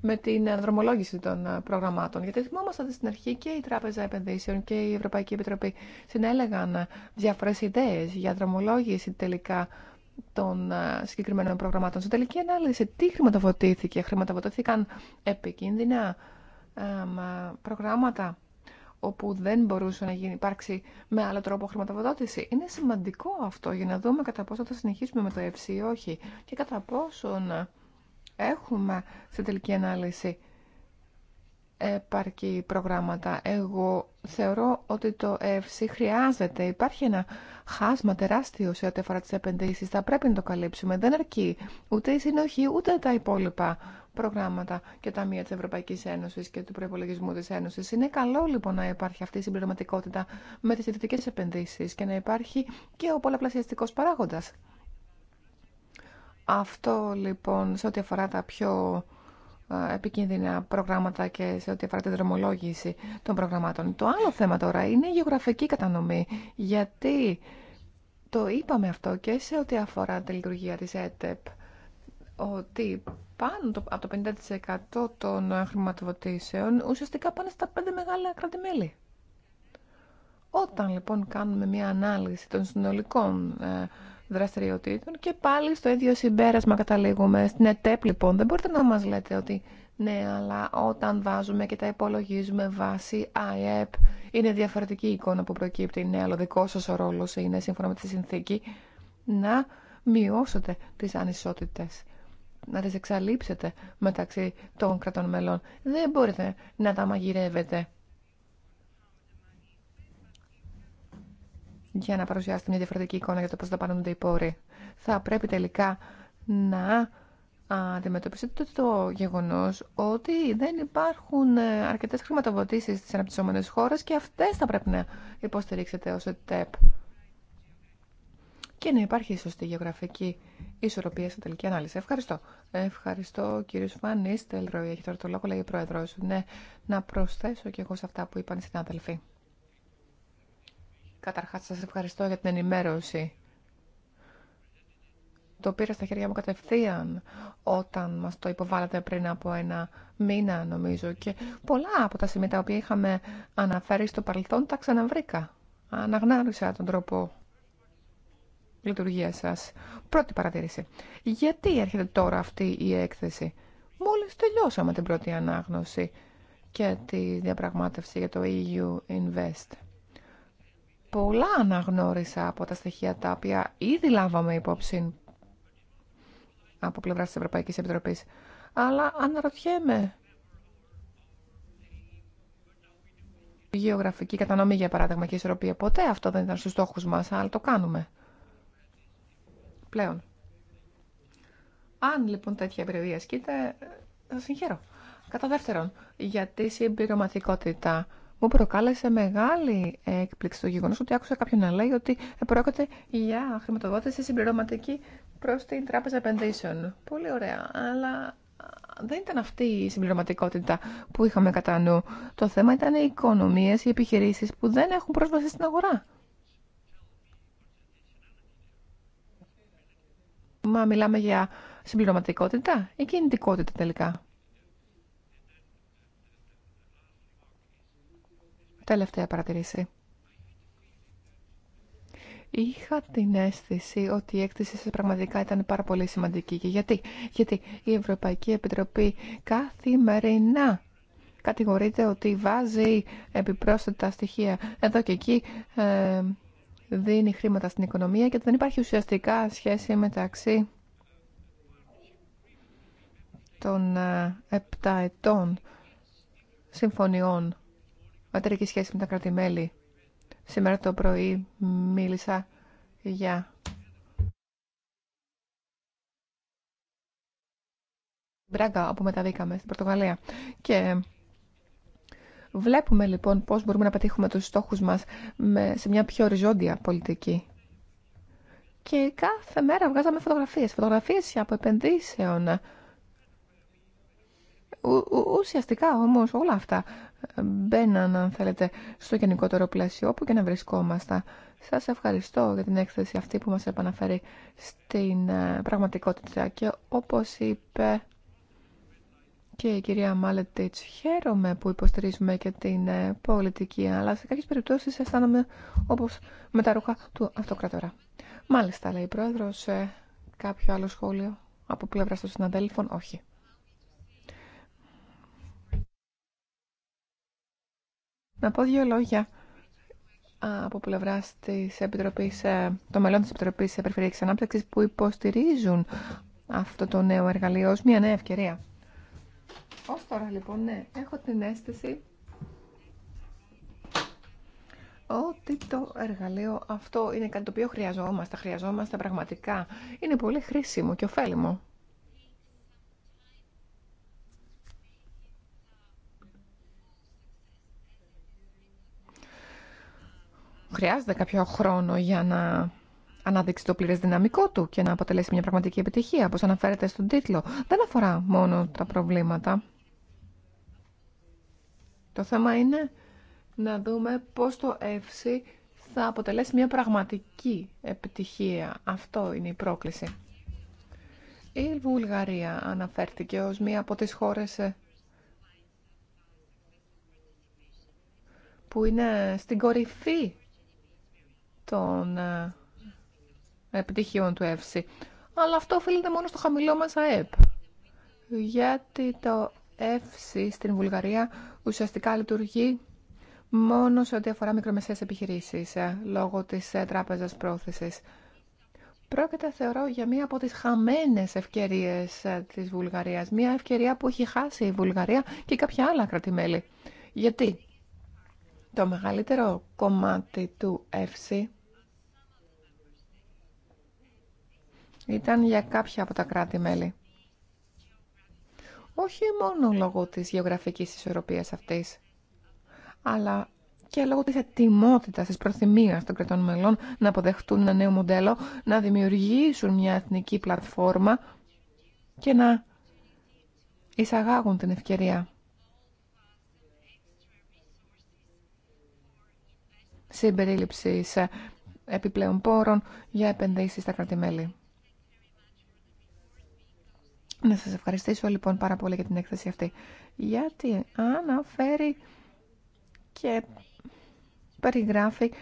με την δρομολόγηση των ε, προγραμμάτων. Γιατί θυμόμαστε ότι στην αρχή και η Τράπεζα Επενδύσεων και η Ευρωπαϊκή Επιτροπή συνέλεγαν ε, διάφορε ιδέε για δρομολόγηση τελικά των ε, συγκεκριμένων προγραμμάτων. Στην τελική ανάλυση, τι χρηματοδοτήθηκε, χρηματοδοτήθηκαν επικίνδυνα προγράμματα όπου δεν μπορούσε να γίνει, υπάρξει με άλλο τρόπο χρηματοδότηση. Είναι σημαντικό αυτό για να δούμε κατά πόσο θα συνεχίσουμε με το ΕΦΣΥ ή όχι και κατά πόσον έχουμε σε τελική ανάλυση επαρκή προγράμματα. Εγώ θεωρώ ότι το ΕΦΣΥ χρειάζεται. Υπάρχει ένα χάσμα τεράστιο σε ό,τι αφορά τις επενδύσεις. Θα πρέπει να το καλύψουμε. Δεν αρκεί ούτε η συνοχή, ούτε τα υπόλοιπα προγράμματα και ταμεία της Ευρωπαϊκής Ένωσης και του προπολογισμού της Ένωσης. Είναι καλό λοιπόν να υπάρχει αυτή η συμπληρωματικότητα με τις ιδιωτικές επενδύσεις και να υπάρχει και ο πολλαπλασιαστικός παράγοντα αυτό λοιπόν σε ό,τι αφορά τα πιο επικίνδυνα προγράμματα και σε ό,τι αφορά τη δρομολόγηση των προγραμμάτων. Το άλλο θέμα τώρα είναι η γεωγραφική κατανομή. Γιατί το είπαμε αυτό και σε ό,τι αφορά τη λειτουργία της ΕΤΕΠ, ότι πάνω από το 50% των χρηματοδοτήσεων ουσιαστικά πάνε στα πέντε μεγάλα κρατημέλη. Όταν λοιπόν κάνουμε μια ανάλυση των συνολικών ε, δραστηριοτήτων και πάλι στο ίδιο συμπέρασμα καταλήγουμε. Στην ΕΤΕΠ λοιπόν δεν μπορείτε να μας λέτε ότι ναι, αλλά όταν βάζουμε και τα υπολογίζουμε βάση ΑΕΠ είναι διαφορετική η εικόνα που προκύπτει. Ναι, αλλά ο δικό σα ο ρόλος είναι σύμφωνα με τη συνθήκη να μειώσετε τις ανισότητες να τι εξαλείψετε μεταξύ των κρατών μελών. Δεν μπορείτε να τα μαγειρεύετε για να παρουσιάσετε μια διαφορετική εικόνα για το πώς θα πάνονται οι πόροι. Θα πρέπει τελικά να αντιμετωπίσετε το γεγονός ότι δεν υπάρχουν ε, αρκετές χρηματοδοτήσεις στις αναπτυσσόμενες χώρες και αυτές θα πρέπει να υποστηρίξετε ως ΕΤΕΠ και να υπάρχει σωστή γεωγραφική ισορροπία σε τελική ανάλυση. Ευχαριστώ. Ευχαριστώ κύριο Φανίστελ Ροϊ. Έχει τώρα το λόγο, λέει ο πρόεδρο, Ναι, να προσθέσω και εγώ σε αυτά που είπαν οι συνάδελφοι. Καταρχάς, σας ευχαριστώ για την ενημέρωση. Το πήρα στα χέρια μου κατευθείαν όταν μας το υποβάλλατε πριν από ένα μήνα, νομίζω. Και πολλά από τα σημεία τα οποία είχαμε αναφέρει στο παρελθόν τα ξαναβρήκα. Αναγνώρισα τον τρόπο λειτουργίας σας. Πρώτη παρατήρηση. Γιατί έρχεται τώρα αυτή η έκθεση. Μόλις τελειώσαμε την πρώτη ανάγνωση και τη διαπραγμάτευση για το EU Invest πολλά αναγνώρισα από τα στοιχεία τα οποία ήδη λάβαμε υπόψη από πλευρά της Ευρωπαϊκής Επιτροπής. Αλλά αναρωτιέμαι. γεωγραφική κατανομή, για παράδειγμα, και ισορροπία. Ποτέ αυτό δεν ήταν στους στόχους μας, αλλά το κάνουμε. Πλέον. Αν λοιπόν τέτοια επιρροή ασκείται, ε, θα συγχαίρω. Κατά δεύτερον, γιατί τη συμπληρωματικότητα μου προκάλεσε μεγάλη έκπληξη το γεγονό ότι άκουσα κάποιον να λέει ότι πρόκειται για χρηματοδότηση συμπληρωματική προ την Τράπεζα Επενδύσεων. Πολύ ωραία, αλλά δεν ήταν αυτή η συμπληρωματικότητα που είχαμε κατά νου. Το θέμα ήταν οι οικονομίε, οι επιχειρήσει που δεν έχουν πρόσβαση στην αγορά. Μα μιλάμε για συμπληρωματικότητα ή κινητικότητα τελικά. Τελευταία παρατηρήση. Είχα την αίσθηση ότι η έκθεση σας πραγματικά ήταν πάρα πολύ σημαντική. Και γιατί? Γιατί η Ευρωπαϊκή Επιτροπή καθημερινά κατηγορείται ότι βάζει επιπρόσθετα στοιχεία εδώ και εκεί, ε, δίνει χρήματα στην οικονομία και δεν υπάρχει ουσιαστικά σχέση μεταξύ των ε, επτά ετών συμφωνιών πατρική σχέση με τα κρατημέλη. Σήμερα το πρωί μίλησα για Μπράγκα, όπου μεταβήκαμε στην Πορτογαλία. Και βλέπουμε λοιπόν πώς μπορούμε να πετύχουμε τους στόχους μας με, σε μια πιο οριζόντια πολιτική. Και κάθε μέρα βγάζαμε φωτογραφίες, φωτογραφίες από επενδύσεων, Ουσιαστικά όμως όλα αυτά ε, μπαίναν, αν θέλετε, στο γενικότερο πλαίσιο όπου και να βρισκόμαστε. Σας ευχαριστώ για την έκθεση αυτή που μας επαναφέρει στην ε, πραγματικότητα και όπως είπε και η κυρία Μάλετιτς, χαίρομαι που υποστηρίζουμε και την ε, πολιτική, αλλά σε κάποιες περιπτώσεις αισθάνομαι όπως με τα ρούχα του αυτοκρατορά. Μάλιστα, λέει η Πρόεδρος, κάποιο άλλο σχόλιο από πλευρά των συναδέλφων, όχι. Να πω δύο λόγια από πλευρά τη Επιτροπή, ε, των μελών τη Επιτροπή Περιφερειακή Ανάπτυξη που υποστηρίζουν αυτό το νέο εργαλείο ως μια νέα ευκαιρία. Ω τώρα λοιπόν, ναι, έχω την αίσθηση ότι το εργαλείο αυτό είναι κάτι το οποίο χρειαζόμαστε, χρειαζόμαστε πραγματικά. Είναι πολύ χρήσιμο και ωφέλιμο. χρειάζεται κάποιο χρόνο για να ανάδειξει το πλήρε δυναμικό του και να αποτελέσει μια πραγματική επιτυχία, όπω αναφέρεται στον τίτλο. Δεν αφορά μόνο τα προβλήματα. Το θέμα είναι να δούμε πώς το ΕΦΣΙ θα αποτελέσει μια πραγματική επιτυχία. Αυτό είναι η πρόκληση. Η Βουλγαρία αναφέρθηκε ως μία από τις χώρες που είναι στην κορυφή των ε, επιτυχιών του ΕΦΣΙ. Αλλά αυτό οφείλεται μόνο στο χαμηλό μας ΑΕΠ. Γιατί το ΕΦΣΙ στην Βουλγαρία ουσιαστικά λειτουργεί μόνο σε ό,τι αφορά μικρομεσαίες επιχειρήσεις, ε, λόγω της ε, τράπεζας πρόθεσης. Πρόκειται, θεωρώ, για μία από τις χαμένες ευκαιρίες της Βουλγαρίας. Μία ευκαιρία που έχει χάσει η Βουλγαρία και κάποια άλλα κρατημέλη. Γιατί το μεγαλύτερο κομμάτι του ΕΦΣΥ ήταν για κάποια από τα κράτη-μέλη. Όχι μόνο λόγω της γεωγραφικής ισορροπίας αυτής, αλλά και λόγω της ετοιμότητας, της προθυμίας των κρατών μελών να αποδεχτούν ένα νέο μοντέλο, να δημιουργήσουν μια εθνική πλατφόρμα και να εισαγάγουν την ευκαιρία. Συμπερίληψη επιπλέον πόρων για επενδύσεις στα κρατημέλη. Να σας ευχαριστήσω λοιπόν πάρα πολύ για την έκθεση αυτή, γιατί αναφέρει και περιγράφει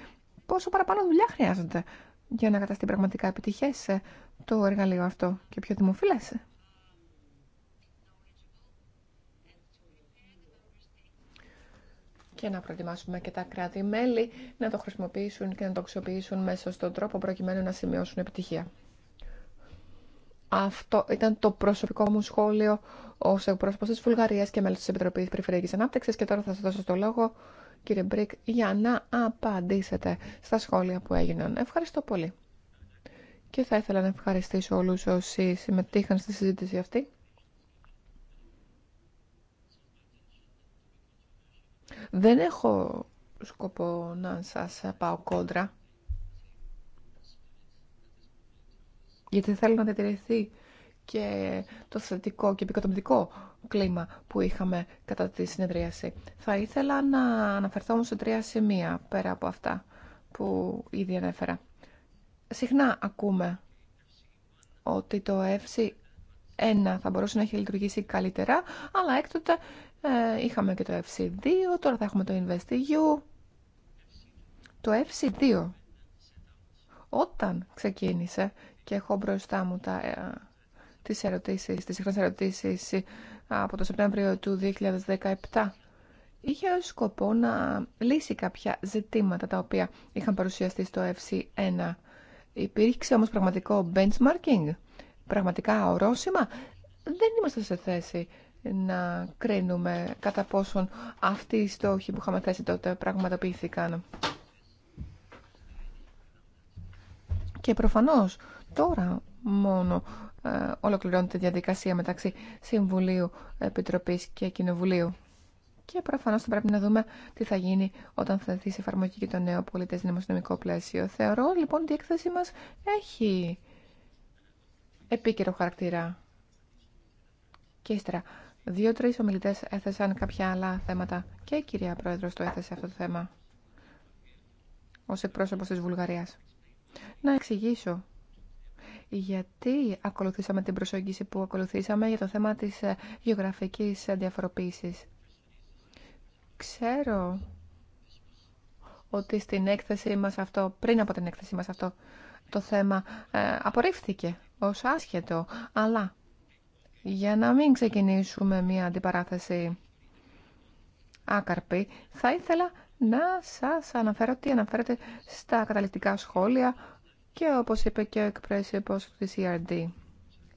πόσο παραπάνω δουλειά χρειάζεται για να καταστεί πραγματικά επιτυχές ε, το εργαλείο αυτό και πιο δημοφιλές. και να προετοιμάσουμε και τα κράτη-μέλη να το χρησιμοποιήσουν και να το αξιοποιήσουν μέσα στον τρόπο προκειμένου να σημειώσουν επιτυχία. Αυτό ήταν το προσωπικό μου σχόλιο ω εκπρόσωπο τη Βουλγαρία και μέλο τη Επιτροπή Περιφερειακή Ανάπτυξη. Και τώρα θα σα δώσω το λόγο, κύριε Μπρικ, για να απαντήσετε στα σχόλια που έγιναν. Ευχαριστώ πολύ. Και θα ήθελα να ευχαριστήσω όλους όσοι συμμετείχαν στη συζήτηση αυτή. Δεν έχω σκοπό να σας πάω κόντρα. γιατί θέλω να διατηρηθεί και το θετικό και επικοδομητικό κλίμα που είχαμε κατά τη συνεδρίαση. Θα ήθελα να αναφερθώ όμως σε τρία σημεία πέρα από αυτά που ήδη ανέφερα. Συχνά ακούμε ότι το ΕΦΣΙ 1 θα μπορούσε να έχει λειτουργήσει καλύτερα, αλλά έκτοτε ε, είχαμε και το FC2, τώρα θα έχουμε το InvestEU. Το FC2, όταν ξεκίνησε και έχω μπροστά μου τα, ε, τις ερωτήσεις, τις συχνές ερωτήσεις ε, από το Σεπτέμβριο του 2017 είχε ως σκοπό να λύσει κάποια ζητήματα τα οποία είχαν παρουσιαστεί στο FC1. Υπήρξε όμως πραγματικό benchmarking, πραγματικά ορόσημα. Δεν είμαστε σε θέση να κρίνουμε κατά πόσον αυτοί οι στόχοι που είχαμε θέσει τότε πραγματοποιήθηκαν. Και προφανώς Τώρα μόνο ε, ολοκληρώνεται η διαδικασία μεταξύ Συμβουλίου, Επιτροπής και Κοινοβουλίου. Και προφανώς θα πρέπει να δούμε τι θα γίνει όταν θα δεθεί σε εφαρμογή και το νέο πολιτές δημοσιονομικό πλαίσιο. Θεωρώ λοιπόν ότι η έκθεση μας έχει επίκαιρο χαρακτήρα. Και ύστερα, δύο-τρει ομιλητέ έθεσαν κάποια άλλα θέματα και η κυρία Πρόεδρος το έθεσε αυτό το θέμα ως εκπρόσωπος της Βουλγαρίας. Να εξηγήσω γιατί ακολουθήσαμε την προσέγγιση που ακολουθήσαμε για το θέμα της ε, γεωγραφικής διαφοροποίησης. Ξέρω ότι στην έκθεση μας αυτό, πριν από την έκθεση μας αυτό, το θέμα ε, απορρίφθηκε ως άσχετο, αλλά για να μην ξεκινήσουμε μια αντιπαράθεση άκαρπη, θα ήθελα να σας αναφέρω τι αναφέρεται στα καταληκτικά σχόλια και όπως είπε και ο εκπρόσωπος της ERD,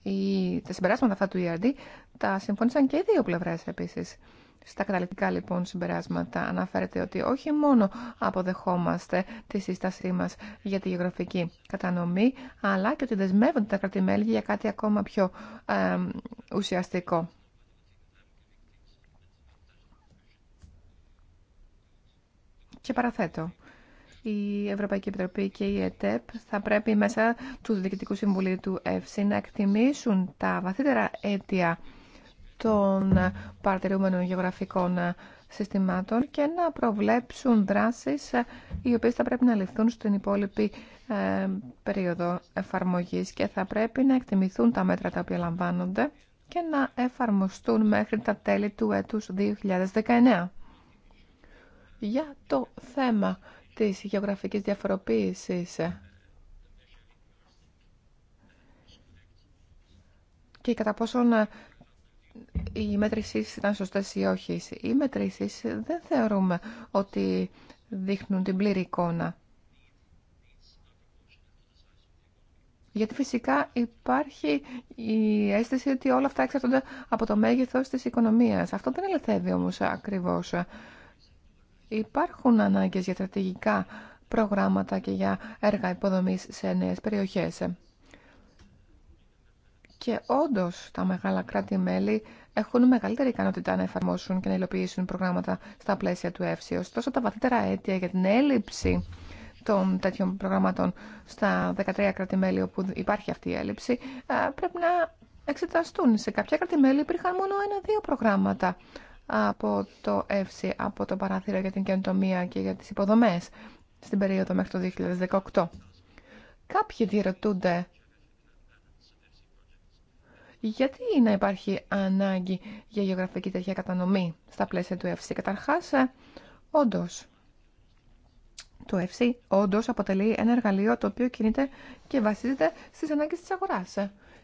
η, τα συμπεράσματα αυτά του ERD τα συμφώνησαν και οι δύο πλευρές επίσης. Στα καταληκτικά λοιπόν συμπεράσματα αναφέρεται ότι όχι μόνο αποδεχόμαστε τη σύστασή μας για τη γεωγραφική κατανομή, αλλά και ότι δεσμεύονται τα κρατημέλη για κάτι ακόμα πιο ε, ουσιαστικό. Και παραθέτω, η Ευρωπαϊκή Επιτροπή και η ΕΤΕΠ θα πρέπει μέσα του Διοικητικού Συμβουλίου του ΕΦΣΥ να εκτιμήσουν τα βαθύτερα αίτια των παρατηρούμενων γεωγραφικών συστημάτων και να προβλέψουν δράσεις οι οποίες θα πρέπει να ληφθούν στην υπόλοιπη ε, περίοδο εφαρμογής και θα πρέπει να εκτιμηθούν τα μέτρα τα οποία λαμβάνονται και να εφαρμοστούν μέχρι τα τέλη του έτους 2019. Για το θέμα της γεωγραφικής διαφοροποίησης και κατά πόσον οι μέτρησεις ήταν σωστές ή όχι. Οι μετρήσει δεν θεωρούμε ότι δείχνουν την πλήρη εικόνα. Γιατί φυσικά υπάρχει η αίσθηση ότι όλα αυτά εξαρτώνται από το μέγεθος της οικονομίας. Αυτό δεν ελευθεύει όμως ακριβώς Υπάρχουν ανάγκες για στρατηγικά προγράμματα και για έργα υποδομής σε νέες περιοχές. Και όντως τα μεγάλα κράτη-μέλη έχουν μεγαλύτερη ικανότητα να εφαρμόσουν και να υλοποιήσουν προγράμματα στα πλαίσια του ΕΦΣΙ. Ωστόσο, τα βαθύτερα αίτια για την έλλειψη των τέτοιων προγραμμάτων στα 13 κράτη-μέλη όπου υπάρχει αυτή η έλλειψη ε, πρέπει να εξεταστούν. Σε κάποια κράτη-μέλη υπήρχαν μόνο ένα-δύο προγράμματα από το ΕΦΣΙ, από το παράθυρο για την καινοτομία και για τις υποδομές στην περίοδο μέχρι το 2018. Κάποιοι διερωτούνται γιατί να υπάρχει ανάγκη για γεωγραφική τέτοια κατανομή στα πλαίσια του ΕΦΣΙ. Καταρχάς, ε, όντως, το ΕΦΣΙ όντως αποτελεί ένα εργαλείο το οποίο κινείται και βασίζεται στις ανάγκες της αγοράς.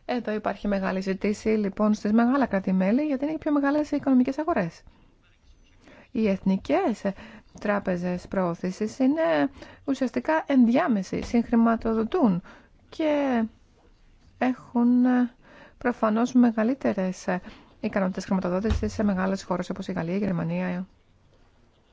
Εδώ υπάρχει μεγάλη ζητήση λοιπόν στις μεγάλα κρατημέλη γιατί είναι οι πιο μεγάλες οικονομικές αγορές. Οι εθνικές τράπεζες προώθησης είναι ουσιαστικά ενδιάμεση, συγχρηματοδοτούν και έχουν ε, προφανώς μεγαλύτερες ε, ικανότητες χρηματοδότησης σε μεγάλες χώρες όπως η Γαλλία, η Γερμανία,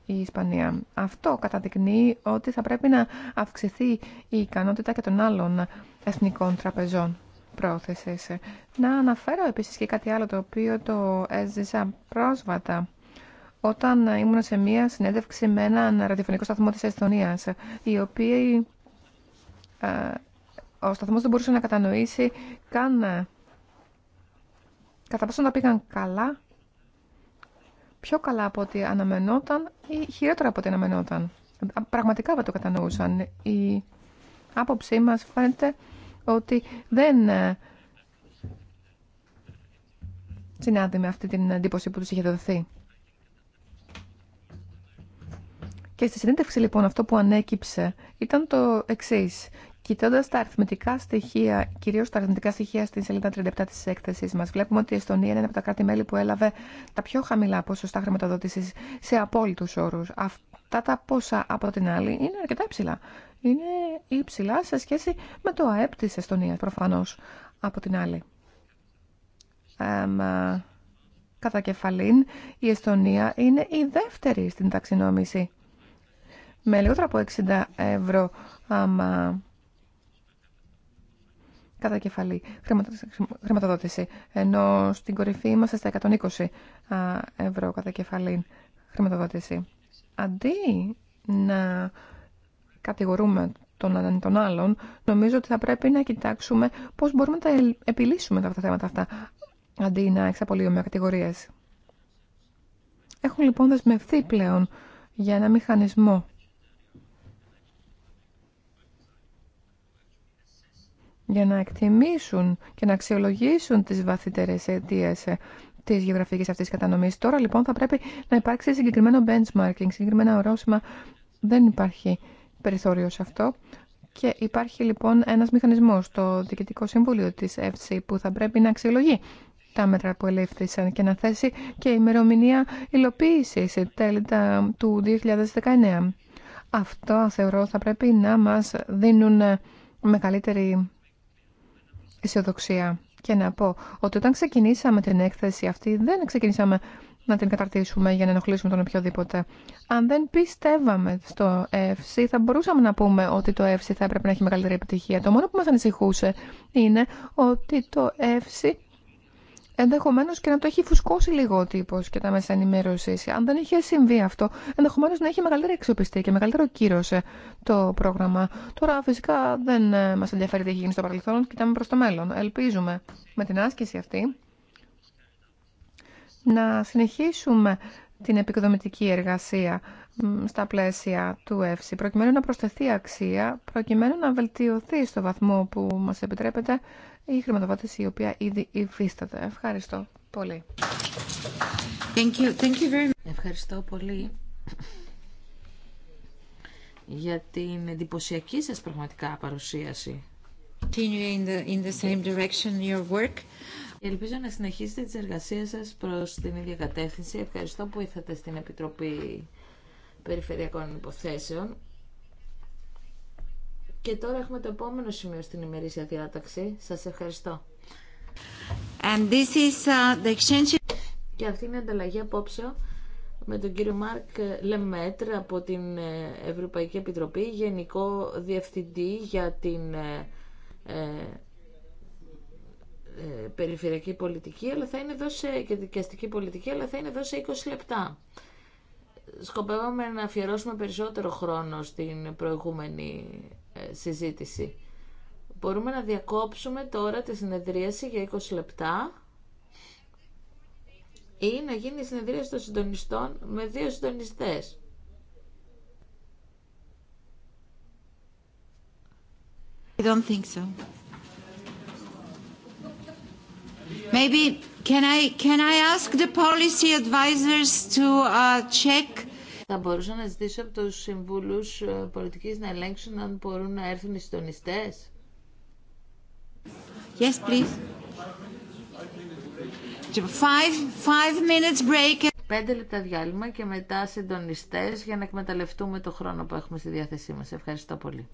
η Ισπανία. Αυτό καταδεικνύει ότι θα πρέπει να αυξηθεί η ικανότητα και των άλλων εθνικών τραπεζών πρόθεσης. Να αναφέρω επίσης και κάτι άλλο το οποίο το έζησα πρόσβατα όταν ήμουν σε μία συνέντευξη με έναν ραδιοφωνικό σταθμό της Εστονίας, οι οποίοι ε, ο σταθμός δεν μπορούσε να κατανοήσει καν ε, κατά πόσο να πήγαν καλά, πιο καλά από ό,τι αναμενόταν ή χειρότερα από ό,τι αναμενόταν. Πραγματικά δεν το κατανοούσαν. Η άποψή μας φαίνεται ότι δεν ε, συνάδει με αυτή την εντύπωση που τους είχε δοθεί. Και στη συνέντευξη λοιπόν αυτό που ανέκυψε ήταν το εξή. Κοιτώντα τα αριθμητικά στοιχεία, κυρίω τα αριθμητικά στοιχεία στην σελίδα 37 τη έκθεση μα, βλέπουμε ότι η Εστονία είναι ένα από τα κράτη-μέλη που έλαβε τα πιο χαμηλά ποσοστά χρηματοδότηση σε απόλυτου όρου. Αυτά τα ποσά από την άλλη είναι αρκετά υψηλά είναι υψηλά σε σχέση με το ΑΕΠ τη Εστονία, προφανώς από την άλλη. Ε, κατά κεφαλήν η Εστονία είναι η δεύτερη στην ταξινόμηση με λιγότερο από 60 ευρώ άμα ε, κατά κεφαλή χρηματοδότηση, ενώ στην κορυφή είμαστε στα 120 ε, ευρώ κατά κεφαλή χρηματοδότηση. Αντί να κατηγορούμε τον έναν τον άλλον, νομίζω ότι θα πρέπει να κοιτάξουμε πώς μπορούμε να τα επιλύσουμε τα θέματα αυτά, αντί να εξαπολύουμε κατηγορίες. Έχουν λοιπόν δεσμευθεί πλέον για ένα μηχανισμό για να εκτιμήσουν και να αξιολογήσουν τις βαθύτερες αιτίε ε, τη γεωγραφική αυτή κατανομή. Τώρα λοιπόν θα πρέπει να υπάρξει συγκεκριμένο benchmarking, συγκεκριμένα ορόσημα. Δεν υπάρχει περιθώριο σε αυτό. Και υπάρχει λοιπόν ένας μηχανισμός στο Διοικητικό Συμβούλιο της ΕΦΣΥ που θα πρέπει να αξιολογεί τα μέτρα που ελήφθησαν και να θέσει και η ημερομηνία υλοποίηση σε τέλη του 2019. Αυτό θεωρώ θα πρέπει να μας δίνουν ε, μεγαλύτερη αισιοδοξία. Και να πω ότι όταν ξεκινήσαμε την έκθεση αυτή δεν ξεκινήσαμε να την καταρτήσουμε για να ενοχλήσουμε τον οποιοδήποτε. Αν δεν πιστεύαμε στο ΕΦΣΙ, θα μπορούσαμε να πούμε ότι το ΕΦΣΙ θα έπρεπε να έχει μεγαλύτερη επιτυχία. Το μόνο που μας ανησυχούσε είναι ότι το ΕΦΣΙ ενδεχομένω και να το έχει φουσκώσει λίγο ο τύπο και τα μέσα ενημέρωση. Αν δεν είχε συμβεί αυτό, ενδεχομένω να έχει μεγαλύτερη εξοπιστή και μεγαλύτερο κύρο το πρόγραμμα. Τώρα, φυσικά, δεν ε, μα ενδιαφέρει τι έχει γίνει στο παρελθόν, κοιτάμε προ το μέλλον. Ελπίζουμε με την άσκηση αυτή να συνεχίσουμε την επικοδομητική εργασία στα πλαίσια του ΕΦΣΙ, προκειμένου να προσθεθεί αξία, προκειμένου να βελτιωθεί στο βαθμό που μας επιτρέπεται η χρηματοδότηση η οποία ήδη υφίσταται. Ευχαριστώ πολύ. Thank you. Thank you very Ευχαριστώ πολύ για την εντυπωσιακή σας πραγματικά παρουσίαση. Continue In the, in the same direction your work. Ελπίζω να συνεχίσετε τις εργασίες σας προς την ίδια κατεύθυνση. Ευχαριστώ που ήρθατε στην Επιτροπή Περιφερειακών Υποθέσεων. Και τώρα έχουμε το επόμενο σημείο στην ημερήσια διάταξη. Σας ευχαριστώ. And this is, uh, the exchange... Και αυτή είναι η ανταλλαγή απόψε με τον κύριο Μάρκ Λεμέτρ από την ε, Ευρωπαϊκή Επιτροπή, Γενικό Διευθυντή για την ε, ε ε, περιφερειακή πολιτική αλλά θα είναι εδώ σε, και δικαστική πολιτική, αλλά θα είναι εδώ σε 20 λεπτά. Σκοπεύαμε να αφιερώσουμε περισσότερο χρόνο στην προηγούμενη ε, συζήτηση. Μπορούμε να διακόψουμε τώρα τη συνεδρίαση για 20 λεπτά ή να γίνει η συνεδρίαση των συντονιστών με δύο συντονιστές. I don't think so. Maybe can I, can I ask the policy advisors to uh, check θα μπορούσα να ζητήσω από τους συμβούλους ε, πολιτικής να ελέγξουν αν μπορούν να έρθουν οι συντονιστές. Yes, please. Five, five minutes break. Πέντε λεπτά διάλειμμα και μετά συντονιστές για να εκμεταλλευτούμε το χρόνο που έχουμε στη διάθεσή μας. Ευχαριστώ πολύ.